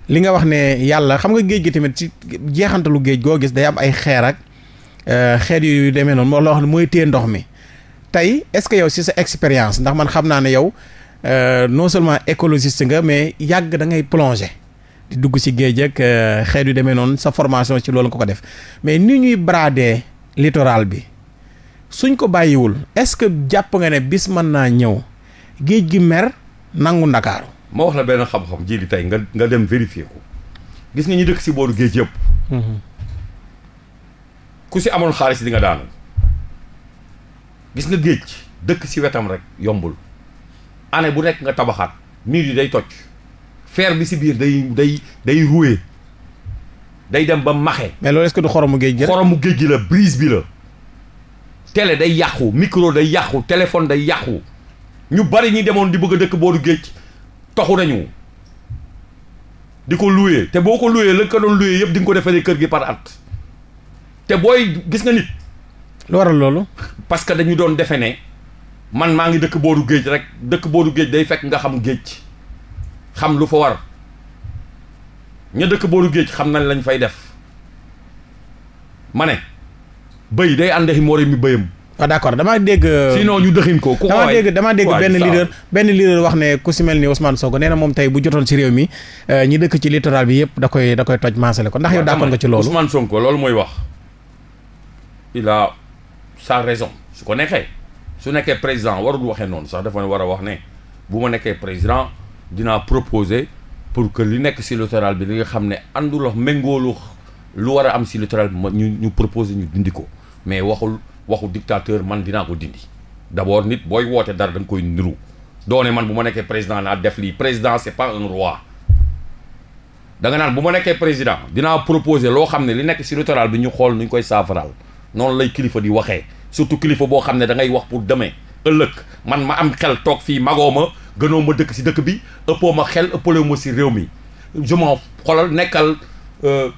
li nga wax ne yàlla xam nga géej gi tamit ci jeexantalu géej goo gis day am ay xeer ak euh, xeer yu demee noonu moo la wax ne mooy téye ndox mi tey est-ce que yow si sa expérience ndax man xam naa ne yow euh, non seulement écologiste nga mais yàgg dangay ngay di dugg si géej ak euh, xeer yu demee noonu sa formation ci loolu nga ko def mais ni ñuy brader littoral bi suñ ko bàyyiwul est-ce que jàpp nga ne bis mën naa ñëw géej gi mer nangu ndakaaru ma wax la benn xam-xam ji li tey nga nga dem vérifier ko gis nga ñu dëkk si booru géej yëpp. Mhm. ku si amoon xaalis di nga daanu gis nga géej dëkk si wetam rek yombul année bu nekk nga tabaxaat miir yi day toj feer bi si biir day day day ruwe day dem ba maxe mais loolu est-ce que du xoromu géej gi géej gi la brise bi la télé day yàqu micro day yàqu téléphone day yàqu ñu bari ñi demoon di bëgg a dëkk booru géej toxu nañu di ko loué te boo ko loué la ko doon loué yëpp di nga ko defaree kër gi par at te booy gis nga nit. lu waral loolu. parce que dañu doon defe ne man maa ngi dëkk booru géej rek dëkk booru géej day fekk nga xam géej xam lu fa war ña dëkk booru géej xam nañ lañ fay def ma ne bëy day ànd àndaxi moore mi bëyam waaw ah, d' accord damaa dégg. Euh, sinon ñu dëxin ko ku damaa dégg damaa dégg benn leader benn leader wax ne ku si mel ni Ousmane Sonko nee na moom tey bu jotoon si réew mi euh, ñi dëkk ci littoral bi yëpp da koy da koy toj maasale ko ndax yow d'accord nga ci loolu. Ousmane Sonko loolu mooy wax il su ko nekkee su nekkee président warul waxee noonu sax dafa war a wax ne bu ma nekkee président dina proposer pour que li nekk si littoral bi li nga xam ne àndul méngoolu lu war a am si littoral bi ñu ñu proposer ñu dindi ko mais waxul. waxu dictateur man dinaa ko dindi d'abord nit booy wootee dara da koy niru doone man bu ma nekkee président naa def lii président c'est pas un roi da naan bu ma nekkee président dinaa proposer loo xam ne li nekk ci littoral bi ñu xool nu ñu koy saafaraal noonu lay kilifa di waxee surtout kilifa boo xam ne da ngay wax pour demee ëllëg man ma am xel toog fii magoo ma gënoo ma dëkk ci dëkk bi ëppoo ma xel ëppaloo ma ci réew mi je m'en xoolal nekkal euh,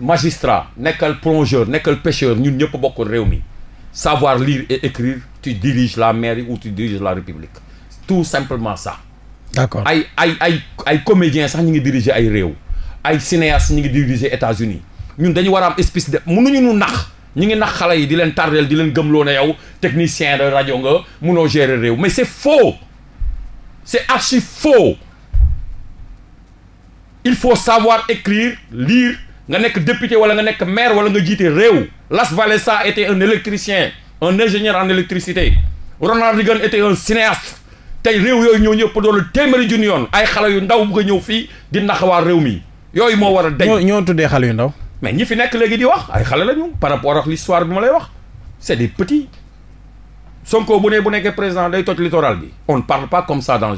magistrat nekkal plongeur nekkal pêcheur ñun ñëpp bokk réew mi savoir lire et écrire tu diriges la mairie ou tu diriges la république tout simplement ça d'accord ay ay ay ay comédiens sax ñu ngi diriger ay réew ay cinéastes ñu ngi diriger États-Unis ñun dañu war a am espèce de mënuñu nu nax ñu ngi nax xale yi di leen tardeel di leen gëmloo ne yow technicien de rajo nga mënoo gérer réew mais c'est faux c'est archi faux il faut savoir écrire lire nga nekk député wala nga nekk maire wala nga jiite réew Las Valesa était un électricien un ingénieur en électricité Ronald Reagan était un cinéaste tey réew yooyu ñëw ñëpp doon téeméeri junni yoon ay xale yu ndaw bëgg ñëw fii di naxawaa réew mi yooyu moo war a deñ ñoo tuddee xale yu ndaw mais ñi fi nekk léegi di wax ay xale la par rapport ak l'histoire bi ma lay wax c'est des petits Sonko bu ne bu nekkee président day toj littoral bi o ne parle pas comme ça dans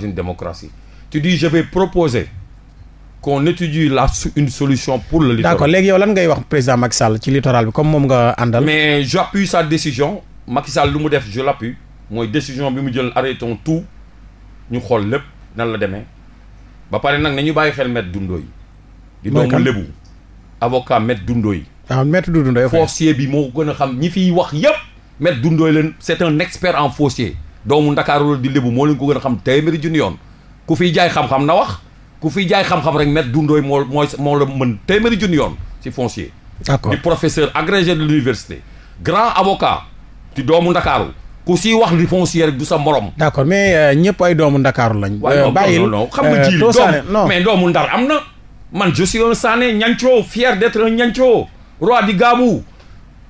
qu'on étudie la une solution pour le littoral. d'accord léegi yow lan ngay wax président Macky Sall ci littoral bi comme moom nga àndal. mais j'appuie sa décision Macky Sall lu mu def je l'appuie mooy décision bi mu jël arrêtons tout ñu xool lépp nan la demee ba pare nag nañu bàyyi xel maître Dundoy di doomu lébu avocat maître Dundoy ah maître Dundoy bi moo gën a xam ñi fiy wax yépp maître dundooy leen c'est un expert en foncier doomu Ndakaaru la di lébu moo leen ko gën a xam téeméeri junni yoon ku fiy jaay xam na wax ku fiy jaay xam-xam rek met dundooy moo mooy moo la mën téeméeri junni yoon ci foncier d'accord di professeur agrégé de l'université grand avocat di doomu ndakaaru ku siy wax li foncier rek du sa morom d'accord mais euh, ñëpp ay doomu ndakaaru lañ euh, bàyyil non xam nga euh, ji doom mais doomu ndar am na man je suis un Sané ñancoo fier d'être un ñancoo roi di Gamou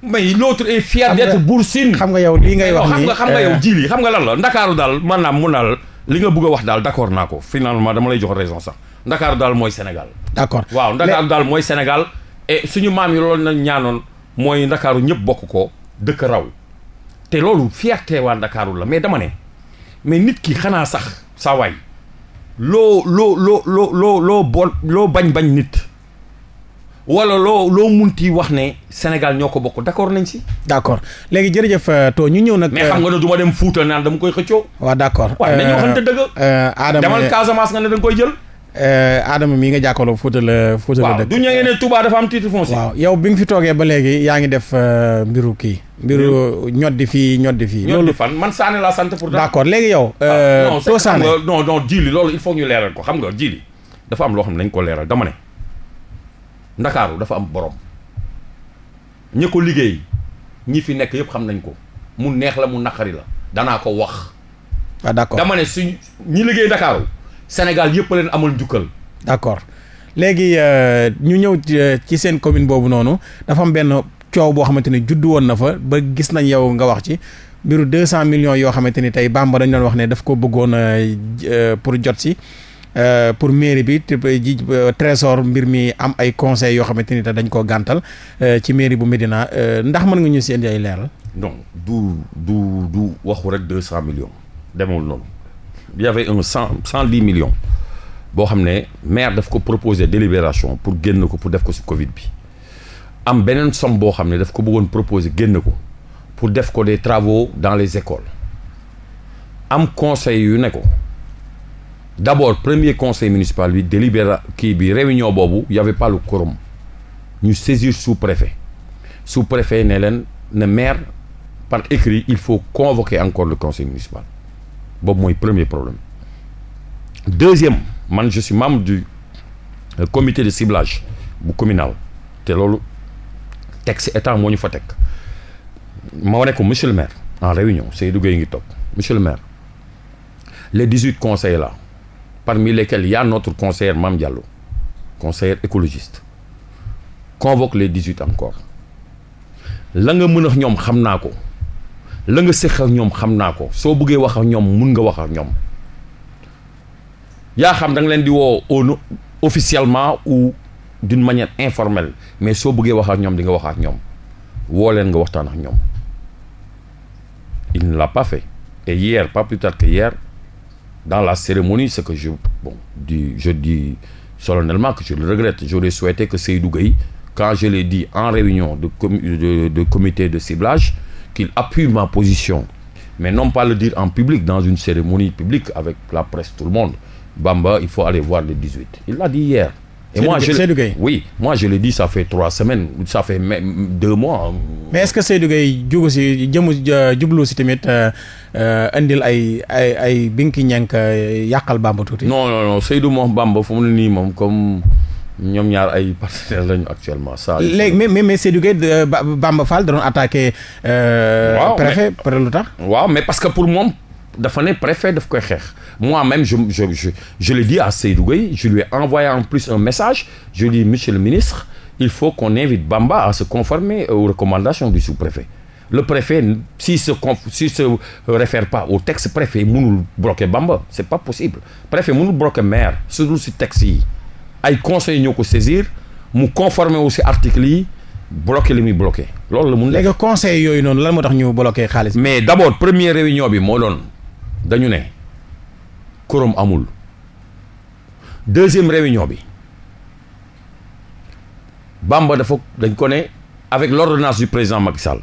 mais l'autre est fier d'être Bour Sine xam nga yow lii ngay wax nii xam nga xam nga yow xam nga lan la ndakaaru daal maanaam mu naal li nga bëgg a wax daal d'accord naa ko finalement dama lay jox raison sax Dakar daal mooy Sénégal. d'accord waaw Dakar daal mooy Sénégal. suñu maam yi loolu na ñaanoon mooy ndakaaru ñëpp bokk ko dëkk raw te loolu fierté waa ndakaaru la mais dama ne mais nit ki xanaa sax saa waay loo loo loo loo loo loo loo bañ bañ nit wala loo loo munti wax ne Sénégal ñoo ko bokk d'accord nañ si. d'accord léegi jërëjëf euh, to ñu ñëw nag. mais xam euh, nga ne du ma dem Fuuta naan dama koy xëccoo. waaw d'accord waaw dañu euh, waxante dëgg. Adama ne danga koy jël. Adama mii nga jàkkaarloo Fuuta la Fuuta la dëkk. waaw dafa am titre foncier. yow bi nga fi toogee ba léegi yaa ngi def mbiru kii. mbiru ñoddi fii ñoddi fii. loolu ñoddi fan man Sané laa sant pour. d'accord léegi yow. Ah, non non non Djily loolu il faut ñu leeral ko xam nga Djily dafa am loo xam ne nañ ko leeral dama ne ndakaaru dafa am borom ñi ko liggéey ñi fi nekk yëpp xam nañ ko mu neex la mu naqari la danaa ko wax ah d'accord dama ne suñ ñi liggéey ndakaaru Sénégal yëpp leen amal njukkal d'accord léegi euh, ñu ñëw euh, ci seen commune boobu noonu dafa am benn coow boo xamante ni juddu woon na fa ba gis nañ yow nga wax ci mbiru deux cent millions yoo xamante ni tey Bamba dañ doon wax ne daf ko bëggoon euh, pour jot si Euh, pour mairie bi ji euh, trésor mbir mi am ay conseils yoo xamante ni dañ koo gàntal euh, ci mairie bu Médina ndax mën nga ñu si indi ay leeral. non du du du waxu rek deux cent millions demul noonu y avait un cent cent dix millions boo xam ne maire daf ko proposer délibération pour génn ko pour def ko si Covid bi am beneen somme boo xam ne daf ko bëggoon proposer génn ko pour def ko des travaux dans les écoles am conseil yu ne ko. d' abord premier conseil municipal bi délibéra kii bi réunion boobu y avait pas le quorum ñu saisir sous-préfet sous-préfet ne leen ne maire par écrit il faut convoquer encore le conseil municipal boobu mooy premier problème deuxième man je suis membre du euh, comité de ciblage bu communal te loolu texte état moo ñu fa teg ma wane ko monsieur le maire en réunion Seydou Gueye ngi toog monsieur le maire les dix-huit conseils là parmi lesquels il y a notre conseiller Mam Diallo conseiller écologiste convoque les 18 encore la nga mën ak ñoom xam naa ko la nga séq ak ñoom xam naa ko soo bëggee wax ak ñoom mun nga wax ak ñoom yaa xam da leen di woo au officiellement ou d'une manière informelle mais soo bëggee wax ak ñoom di nga wax ak ñoom woo leen nga waxtaan ak ñoom il l'a pa fait et hier pas plus tard que hier dans la cérémonie, ce que je, bon, dis, je dis solennellement que je le regrette, j'aurais souhaité que Seydou Gueye, quand je l'ai dit en réunion de, com de, de comité de ciblage, qu'il appuie ma position, mais non pas le dire en public, dans une cérémonie publique avec la presse, tout le monde. Bamba, il faut aller voir les 18. Il l'a dit hier. Et moi, je, Seydou Gueye oui moi je le dis ça fait trois semaines ça fait deux mois. mais est-ce que Seydou Gueye jugu si jëmu euh, jublu si tamit euh, euh, indil ay ay ay Binki Ñank yàqal Bamba tuuti. no non non Seydou moom Bamba fu mu ne nii moom comme ñoom ñaar ay partenaires lañu actuellement. sa léegi mais mais mais Seydou Gueye Bamba Fall da doon attaqué. waaw waaw mais parce que pour moom. dafa ne préfet daf koy xeex moi-même je je je je à Seydou Gueye je lui ai envoyé en plus un message je lui ai monsieur le ministre il faut qu'on invite Bamba à se conformer aux recommandations du sous-préfet le préfet s'il se s'il se réfère pas au texte préfet mënul bloquer Bamba c'est pas possible préfet mënul bloquer maire su dul si texte yi ay conseil ñoo ko saisir mu conformer aussi article yi bloqué li muy bloqué loolu la noonu lan moo tax ñu bloqué xaalis mais d'abord première réunion bi moo dañu ne quorum amul deuxième réunion bi Bamba dafa dañ ko ne avec l'ordonnance du président Macky Sall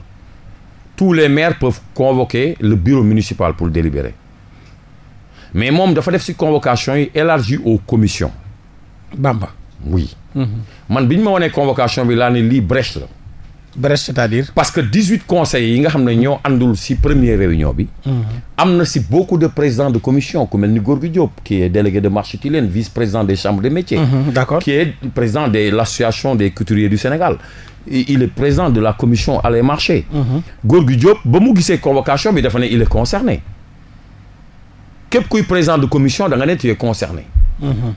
les maires peuvent convoquer le bureau municipal pour délibérer mais moom dafa def si convocation yi élargie aux commissions. Bamba oui. Mm-hmm. man bi ñu ma wanee convocation bi laa ne lii brèche la. brèche cest à parce que dix huit conseils yi nga xam ne ñoo àndul si première réunion bi. Mhm. am na si beaucoup de présidents de commission ku mel ni Gorgui Diop. qui est délégué de marché Tilène vice-président des chambres de métiers. Mmh, d'accord qui est président de l'association des couturiers du Sénégal. il est président de la commission à marché marchés. Gorgui ba mu gisee convocation bi dafa ne il est concerné. képp kuy président de commission da nga ne tu concerné. Mhm.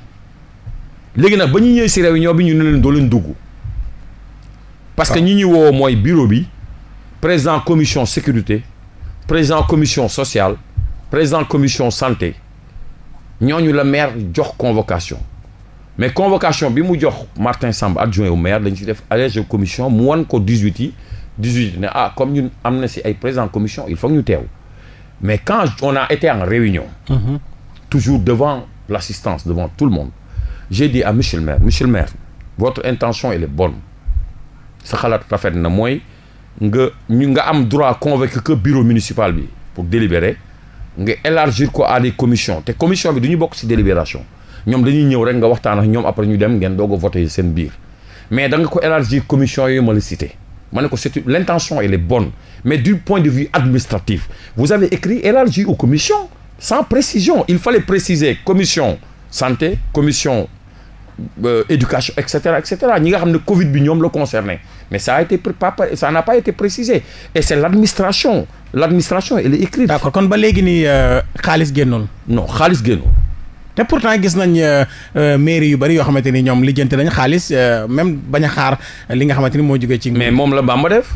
léegi nag ba ñu ñëwee si réunion bi ñu ne leen doo dugg. parce que ah. ñi ñuy woo mooy bureau bi président commission sécurité président commission sociale président commission santé ñooñu le maire jox convocation mais convocation bi mu jox Martin Samb adjoint au maire dañu ci def allège commission mu wan ko 18 yi 18 ne ah comme ñun am na si ay président commission il faut ñu teew mais quand on a été en réunion mhm. toujours devant l'assistance devant tout le monde j'ai dit à monsieur le maire monsieur le maire votre intention elle est bonne sa xalaat rafet na mooy nga ñu nga am droit convoquer que bureau municipal bi pour délibérer nga élargir ko à des commissions te commission bi du ñu bokk si délibération ñoom dañuy ñëw rek nga waxtaan ak ñoom après ñu dem ngeen doog a voter seen biir mais da nga ko élargir commission yooyu ma la cité ma ne ko c'est l'intention elle est bonne mais du point de vue administratif vous avez écrit élargi aux commissions sans précision il fallait préciser commission santé commission Euh, éducation et cetera et cetera ñi nga xam ne Covid bi ñoom la concerné mais ça a été pas ça n'a pas été précisé et c'est l'administration l'administration elle est écrite. d'accord kon ba léegi nii euh, xaalis génnoon. non xaalis génnoon. te pourtant gis nañ euh, mairie yu bari yoo xamante ni ñoom lijjanti nañ xaalis même bañ a xaar li nga xamante ni moo jógee ci. mais moom la Bamba def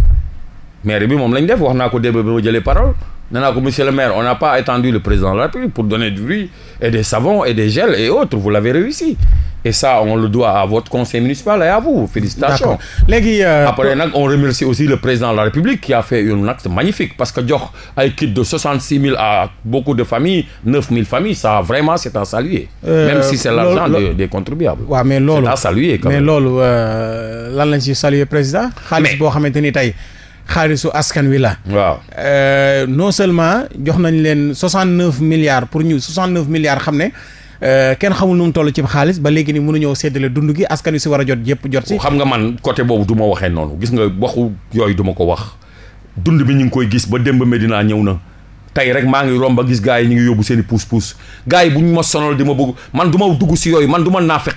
mairie bi moom lañ def wax naa ko démb ba le parole nee naa ko monsieur le maire on n'a pas attendu le président la République pour et ça on le doit à votre conseil municipal et à vous félicitations. léegi. Euh, après aussi le président de la République qui a fait un acte magnifique parce que jox ay kit de soixante six mille à beaucoup de familles neuf mille familles ça vraiment c'est à saluer. Euh, même c'est mais loolu c'est à saluer mais loolu euh, lan lañ ci saluer président. xaalis boo xamante ni tey. xaalisu askan wi la. waaw non seulement jox nañ leen soixante neuf milliards pour ñu soixante neuf milliards xam ne. Euh, kenn xamul nu mu toll ci xaalis ba léegi ni mënuñoo séddale dund gi askan si war a jot yëpp jot si xam nga man côté boobu du ma waxee noonu gis nga waxu yooyu du ma ko wax dund bi ñu ngi koy gis ba démb Medina ñëw na tey rek maa ngi romb gis gars yi ñu yóbbu seen i puus-puus gars yi bu ñu ma sonal di ma bëgg man du ma dugg si yooyu man du ma naafiq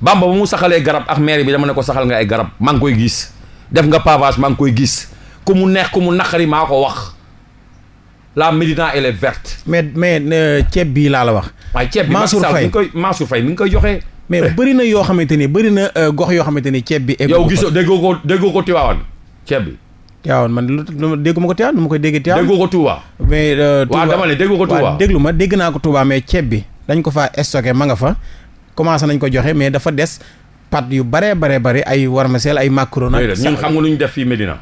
bamba ba mu saxalee garab ak maire bi dama ne ko saxal nga ay garab maa ngi koy gis def nga pavage maa ngi koy gis ku mu neex ku mu naqari maa ko wax la Médina elle est mais mais euh, ceeb bii laa la wax. waaye ceeb bi Mansour Faye mi ngi koy Mansour Faye mi koy joxe. mais eh. bëri na yoo xamante ni bëri na euh, gox yoo xamante ni ceeb bi. egg yow gisoo déggoo ko déggoo ko Tiwaawan ceeb bi. Tiwaawan man lu déggu ma ko Tiwaawan nu ma koy déggee. Tiwaawan déggoo ko Touba. mais euh, Touba waaw dama ne déglu ma dégg naa ko Touba mais ceeb bi dañ ko faa stocké ma nga fa commencé nañ ko joxe mais dafa des pâtes yu baree baree bare ay warmasel ay macaroni. ñun xam nga lu ñu def fii Médina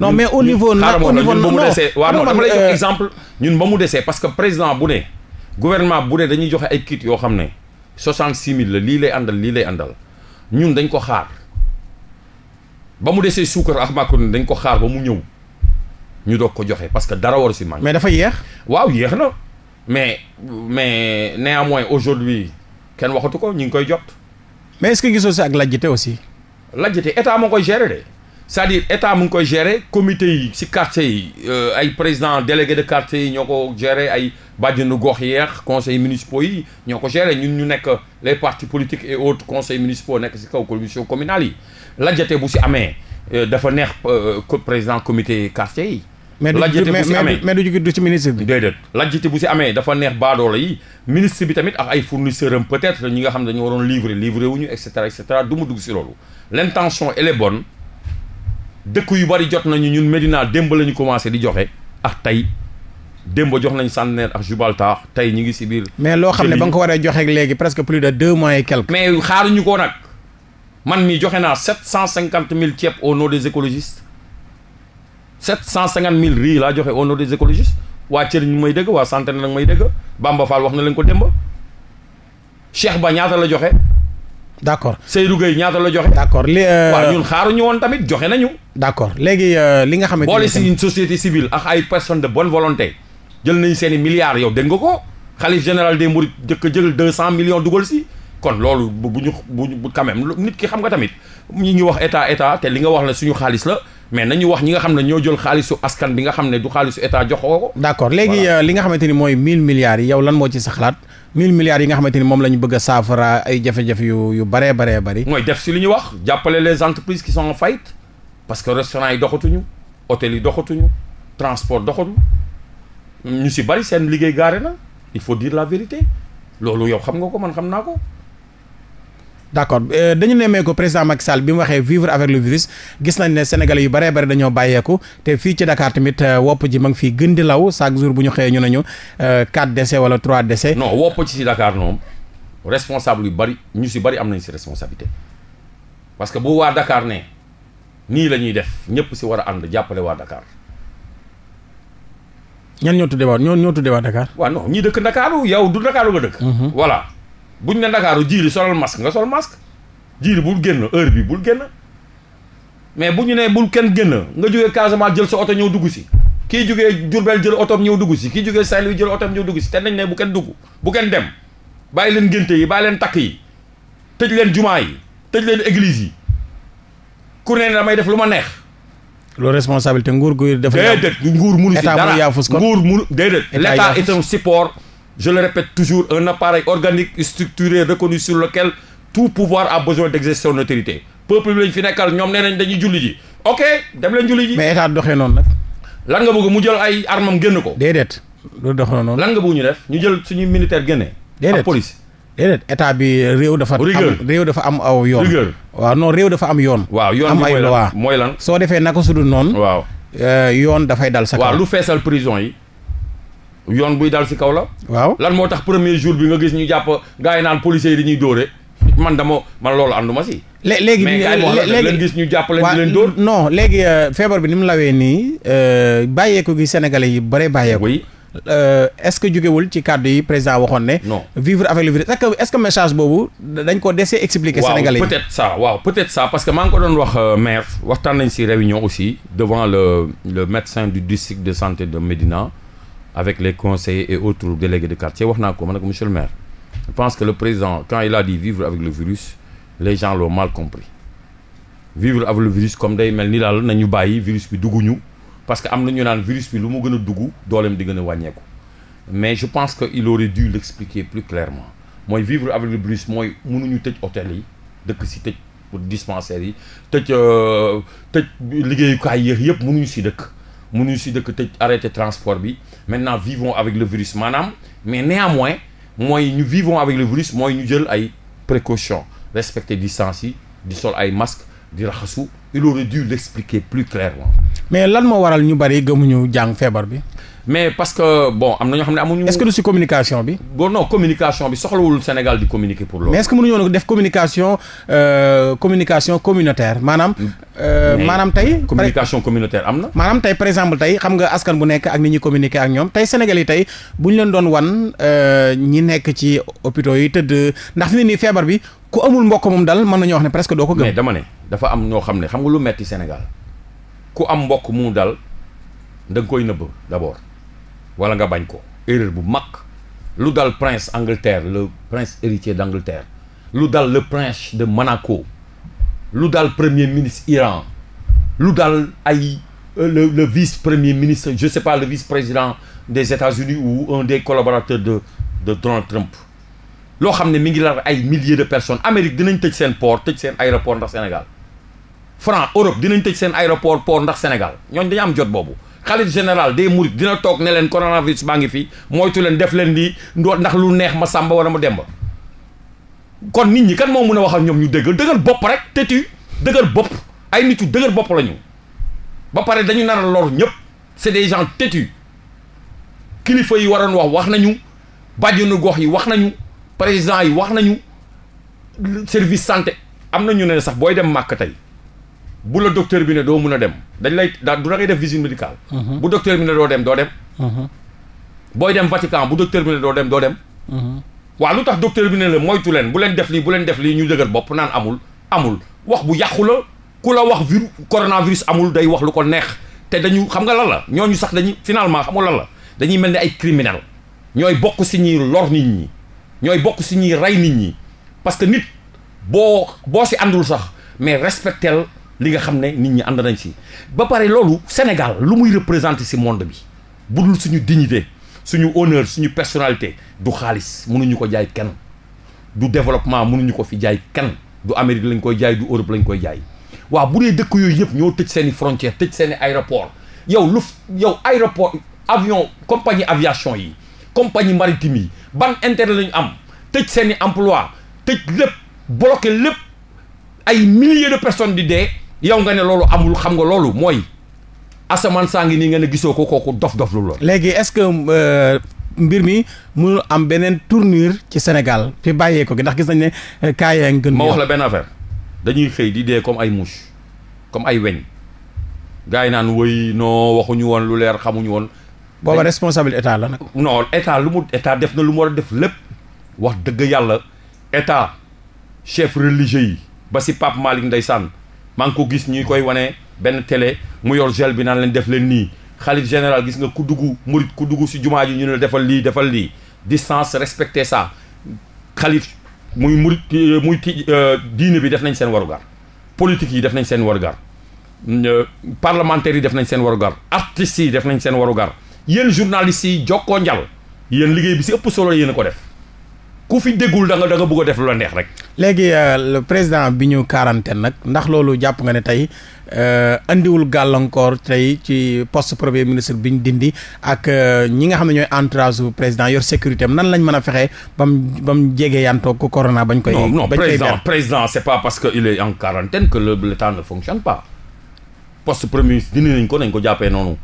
non mais au niveau. na au niveau non waaw non dama lay jox euh, ba mu desee parce que président bu ne gouvernement bu ne dañuy joxe ay kit yoo xam ne soixante six mille la lii lay àndal lay àndal ñun dañ ko xaar ba mu desee suukar ak dañ ko xaar mu ñëw ñu doog ko joxe parce que dara waru si manqué. mais dafa yéex. waaw yéex na mais mais néanmoins aujourd'hui kenn waxatu ko ñu ngi koy jot. mais est-ce que gisoo si ak lajjite aussi. lajjite état moo koy gérer de. c'est-à-dire état mu ngi koy gérer comité yi si quartier yi euh, ay président délégué de quartier yi ñoo ko gérer ay bàjjenu gox yeex conseil municipaux yi ñoo ko gérer ñun ñu nekk les partis politiques et autres conseils municipaux nekk si kaw communal communale yi lajjate bu si amee euh, dafa neex euh, président comité quartier yi. lajjate bu si amee mais du du ci ministre bi. déedéet lajjate bu si amee dafa neex baadoola yi ministre bi tamit ak ay fournisseurs am peut-être ñi nga xam ne dañu waroon livrer livrer wuñu et cetera et cetera du dugg si loolu l'intention elle dëkk yu bari jot nañu ñun Medina démb la ñu commencé di joxe ak tey démb jox nañ Sànneer ak Jubaltaax tey ñu ngi si biir. mais loo xam ne ba nga ko waree joxe ak léegi presque plus de deux mois et quelques. mais xaaruñu ko nag man mi joxe naa sept cent cinquante mille ceeb au nom des écologistes sept cent cinquante mille riz laa joxe au nom des écologistes waa Cër ñu may dëgg waa Santé nag may dëgg Bamba wax na leen ko démb Cheikh Ba ñaata la joxe. d' accord Seydou ñaata la joxe. d' accord li euh, waaw ñun xaaruñu woon tamit joxe nañu. d' accord léegi euh, li nga xamante ne boole si une société civile ak ay personnes de bonne volonté jël nañu seeni i milliards yow dégg nga ko xalif général des Mourides jëkk jël deux cent millions dugal si. kon loolu bu ñu bu quand même nit ki xam nga tamit ñu ngi wax état état te li nga wax la suñu xaalis la. mais nañu wax ñi nga xam ne ñoo jël xaalisu askan bi nga xam ne du xaalisu état jox ko. d'accord léegi euh, li nga xamante ni mooy 1000 milliards yi yow lan moo ci sa xalaat 1000 milliards yi nga xamante ni moom la bëgg a saafara ay jafe-jafe yu yu baree baree bari. mooy def si li ñu wax jàppale les entreprises qui sont en faillite parce que restaurants yi doxatuñu hôtels yi doxatuñu transport doxatu ñu si bari seen liggéey gaare na il faut dire la vérité loolu yow xam nga ko man xam naa ko. d' accord euh, dañu nemmee ko président Macky Sall bi mu waxee vivre avec le virus gis nañ ne sénégalais yu baree bari dañoo bàyyeeku te fii ci Dakar tamit euh, wopp ji ma ngi fii gën di law chaque jour bu ñu xëyee ñu nañu euh, quatre décès wala trois décès. non wopp ci si Dakar noonu responsable yu bari ñu si bari am nañ si responsabilité parce que bu waa dakaar ne nii la ñuy def ñëpp si war a ànd jàppale waa Dakar. ñan ñoo tuddee waa ñoo ñoo tuddee waa Dakar. waaw non ñii dëkk Dakar yow du Dakar nga bu ñu ne ndakaaru jiili solal masque nga sol masque jiili bul génn heure bi bul génn mais bu ñu nee bul kenn génn nga jógee Casamance jël sa oto ñëw dugg si kii jógee Jurbel jël otoom ñëw dugg si kii jógee Saint-Louis jël otoom ñëw dugg si te nañ ne bu kenn dugg bu kenn dem bàyyi leen ngénte yi bàyyi leen takk yi tëj leen jumaa yi tëj leen église yi ku ne damay def lu ma neex. loolu responsabilité nguur guy def. déedéet nguur munu si dara état mënu yaafus ko nguur munu déedéet. l' état je le toujours, un appareil organique structuré reconnu sur lequel tout pouvoir a besoin d'exercer son autorité peuple bi lañ fi nekkal ñoom nee nañ dañuy julli ji ok dem leen julli ji. mais état doxee noonu nag. lan nga bëgg mu jël ay armam génn ko. déedéet lu doxee noon lan nga bëgg ñu def ñu jël suñuy militaire génne. déedéet ak police. déedéet état bi euh, réew dafa. am réew dafa am aw yoon. rigueur waaw non réew dafa am yoon. waaw yoon am ay loi mooy lan. soo defee naka su noon waaw euh, yoon dafay dal sa kaw. lu feesal prison yi. yoon buy dal si kaw la. waaw lan moo tax premier jour bi nga gis ñu jàpp gars naan policiers di dañuy dóore man dama man loolu ànduma si. léegi léegi gis ñu jàpp leen di leen dóor. non léegi euh, feebar bi ni mu lawee nii euh, bàyyeeku gi sénégalais yi bare bàyyeeku. Euh, est-ce que jógewul ci kàddu yi président waxoon ne. non vivre avec le est est message boobu dañ ko dese expliquer. Sénégalais waaw peut-être ça waaw peut parce que maa ngi ko doon wax euh, maire waxtaan nañ ci réunion aussi devant le le médecin du district de santé de Médina. avec les conseillers et autres délégués de quartier wax naa ko ma ne ko monsieur le maire je pense que le président quand il a dit vivre avec le virus les gens l'ont mal compris vivre avec le virus comme day mel ni daal ñu bàyyi virus bi duggu ñu parce que am na ñu naan virus bi lu mu gën a dugg dooleem di gën a wàññeeku mais je pense que il aurait dû l'expliquer plus clairement mooy vivre avec le virus mooy munu ñu hôtel yi dëkk si tëj pour dispensaires yi tëj euh, tëj liggéeyukaay yéex yëpp mënuñu si dëkk mënuñu si dëkk tëj arrêté transport bi maintenant vivons avec le virus maanaam mais néanmoins mooy ñu vivons avec le virus mooy ñu jël ay précautions respecter distance yi di sol ay masques di raxasu il aurait dû l'expliquer plus clairement mais lan moo waral ñu bari gëmuñu jàng feebar bi mais parce que bon am na ñoo xam ne amuñu. est-ce que du si communication bi. bon non communication bi soxlawul Sénégal di communiquer pour loolu. mais est-ce que mënuñoo def communication euh, communication communautaire maanaam. Euh, maanaam tey. communication communautaire am na. maanaam tey par exemple tey xam nga askan bu nekk ak ni ñuy communiquer ak ñoom tey Sénégal yi tey bu ñu leen doon wan euh, ñi nekk ci hôpitaux yi tëdd ndax fi ne nii feebar bi ku amul mbokk moom dal mën nañoo wax ne presque doo ko gëm. mais dama ne dafa am ñoo xam ne xam nga lu metti Sénégal ku am mbokk mu dal da nga koy nëbb d'abord. wala nga bañ ko erreur bu mag lu dal prince Angleterre le prince héritier d'Angleterre lu dal le prince de Monaco lu dal premier ministre Iran lu dal ay euh, le le vice premier ministre je sais pas le vice président des États-Unis ou un des collaborateurs de de Donald Trump loo xam ne mi ngi lar ay milliers de personnes Amérique dinañ tëj seen port tëj seen aéroport ndax Sénégal France Europe dinañ tëj seen aéroport port ndax Sénégal ñooñ dañu am jot boobu xalif général des mourides dina toog ne leen coronavirus baa ngi fi moytu leen def leen di ndax lu neex ma sàmba wala ma demba kon nit ñi kan moo mun a wax ak ñoom ñu dégg dëgër bopp rek tëtu dëgër bopp ay nit yu dëgër bopp la ñu ba pare dañu nar a lor ñëpp c'est des gens têtus kilifa yi waroon wax wax nañu bàjjenu gox yi wax nañu président yi wax nañu service santé am na ñu ne sax booy dem màkk tey. bu la docteur bi ne doo mun a dem dañ lay daa du da def visite médicale mhm. bu docteur bi ne doo dem doo dem mhm. booy dem Vatican bu docteur bi ne doo dem doo dem mhm. waa lu tax docteur bi ne la moytu leen bu leen def lii bu leen def lii ñu dëgër bopp naan amul amul wax bu yàqu la ku la wax viru coronavirus amul day wax lu ko neex te dañu xam nga lan la ñooñu sax dañu finalement xam nga lan la dañuy mel ni ay criminel ñooy bokk si ñuy lor nit ñi ñooy bokk si ñuy rey nit ñi parce que nit boo boo si àndul sax mais respectel li nga xam ne nit ñi ànd nañ si ba pare loolu Sénégal lu muy représenter si monde bi dul suñu dignité suñu honneur suñu personnalité du xaalis mënuñu ko jaay kenn du développement munuñu ko fi jaay kenn du Amérique lañ koy jaay du Europe lañ koy jaay waaw bu dee dëkk yooyu yëpp ñoo tëj seeni frontières tëj seeni aéroport yow lu yow aéroport avion compagnie aviation yi compagnie maritime yi ban intérêt la ñu am tëj seeni emploi tëj lépp bloqué lépp ay milliers de personnes di dee yow nga ne loolu amul xam nga loolu mooy asamaan saa ngi nii nga ne gisoo ko kooku dof-dof lu loolu. léegi est-ce que euh, mbir mi mënul am beneen tournure ci Sénégal fi bàyyee ko gi ndax gis nañ ne kaa euh, yaa ngi gën. ma wax la benn affaire dañuy xëy di dee comme ay mouche comme ay weñ gars yi naan woy noo waxuñu woon lu leer xamuñu woon. booba responsable état la nag. non état lu mu état def na lu mu war a def lépp wax dëgg yàlla état chef religieux yi ba si Pape Malick ndeysaan maa ngi ko gis ñuy koy wane benn télé mu yor gel bi naan leen def leen nii xalif général gis nga ku dugg murit ku dugg si jumaa ji ñu ne la defal lii defal lii distance respecter sa xalif muy murit muy ti euh, diine bi def nañ seen warugar politique yi def nañ seen warugar euh, parlementaires yi def nañ seen warugar artistes yi def nañ seen warugar yéen journalistes yi jokkoo njal yéen liggéey bi si ëpp solo yéen a ko def ku fi déggul danga danga da bëgg a def lu la neex rek. léegi euh, le président bi ñu quarantaine nag ndax loolu jàpp nga ne tey indiwul euh, gàllankoor tey ci poste premier ministre bi ñu dindi ak euh, ñi nga xam ne ñooy entourage su président yor sécurité am nan lañ mën a fexee bam bam jege yantoo ko corona bañ koy. bañ koy président président c'est pas parce que il est en quarantaine que l'État ne fonctionne pas poste premier ministre dindi nañ ko nañ ko jàppee noonu.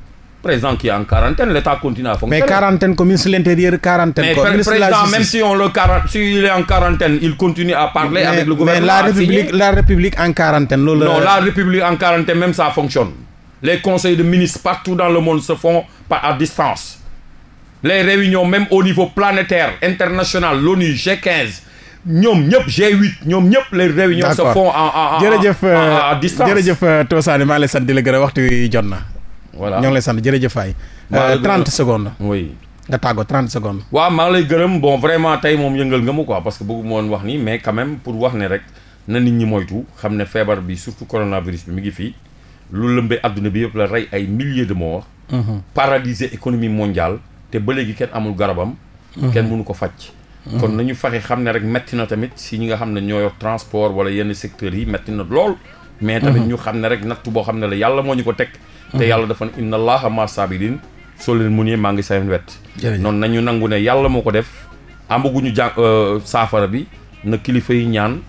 président qui est en quarantaine l'État continue à fonctionner. mais quarantaine comme ministre de l'intérieur quarantaine. mais comme ministre de la justice même si on le quarante si il est en quarantaine il continue la république en quarantaine loolu. la république en quarantaine même ça fonctionne. les conseils de ministres partout dans le monde se font à distance. les réunions même au niveau planétaire international l'ONU G15. ñoom ñëpp G8 ñoom ñëpp les réunions se jërëjëf euh, jërëjëf euh, Tho Sané maa ngi lay sant di jot na. voilà ñoo ngi lay sant jërëjëf Faye. maa 30 euh, secondes. oui nga tàggoo 30 secondes. waaw maa lay gërëm bon vraiment tey moom yëngal nga ma ko parce que bëggu ma woon wax nii mais quand pour wax ne rek na nit ñi moytu xam ne feebar bi surtout coronavirus bi mi ngi fii lu lëmbee adduna bi yëpp la rey ay milliers de morts. Mm-hmm. paralyser économie mondiale te ba léegi kenn amul garabam. Mm-hmm. kenn mënu ko faj. Mm-hmm. kon na nañu fexe xam ne rek metti na tamit si ñi nga xam ne ñoo yor transport wala yenn secteurs yi metti na lool. mais ñu xam ne rek nattu boo xam ne la yàlla moo ñu ko teg. te yàlla dafa ne inna allaha ma sabirin soo leen munee maa ngi seen wet noonu nañu nangu ne yàlla moo ko def amaguñu jàng euh, saafara bi na kilifa yi ñaan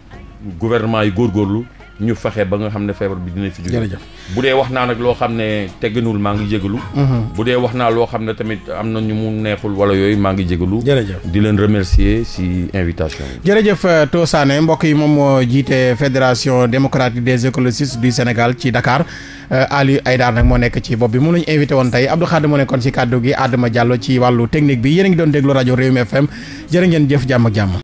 gouvernement yi góor góorlu ñu fexe ba nga xam ne feebar bi dina fi jóge bu dee wax naa nag loo xam ne nul maa ngi jégalu mhm. bu dee wax naa loo xam ne tamit am na ñu mu neexul wala yooyu maa ngi jégalu di leen remercier si invitation bi jërëjëf euh, To Sané mbokk yi moom moo jiite fédération démocratique des écologistes du Sénégal ci Dakar euh, Aliou Aïdar nag moo nekk ci bopp bi moom la ñu woon tey Abdou Khadre moo nekkoon si kàddu gi Adama Diallo ci wàllu technique bi yéen a ngi déglu rajo Rewmi FM jërë ngeen jëf jàmm jàmm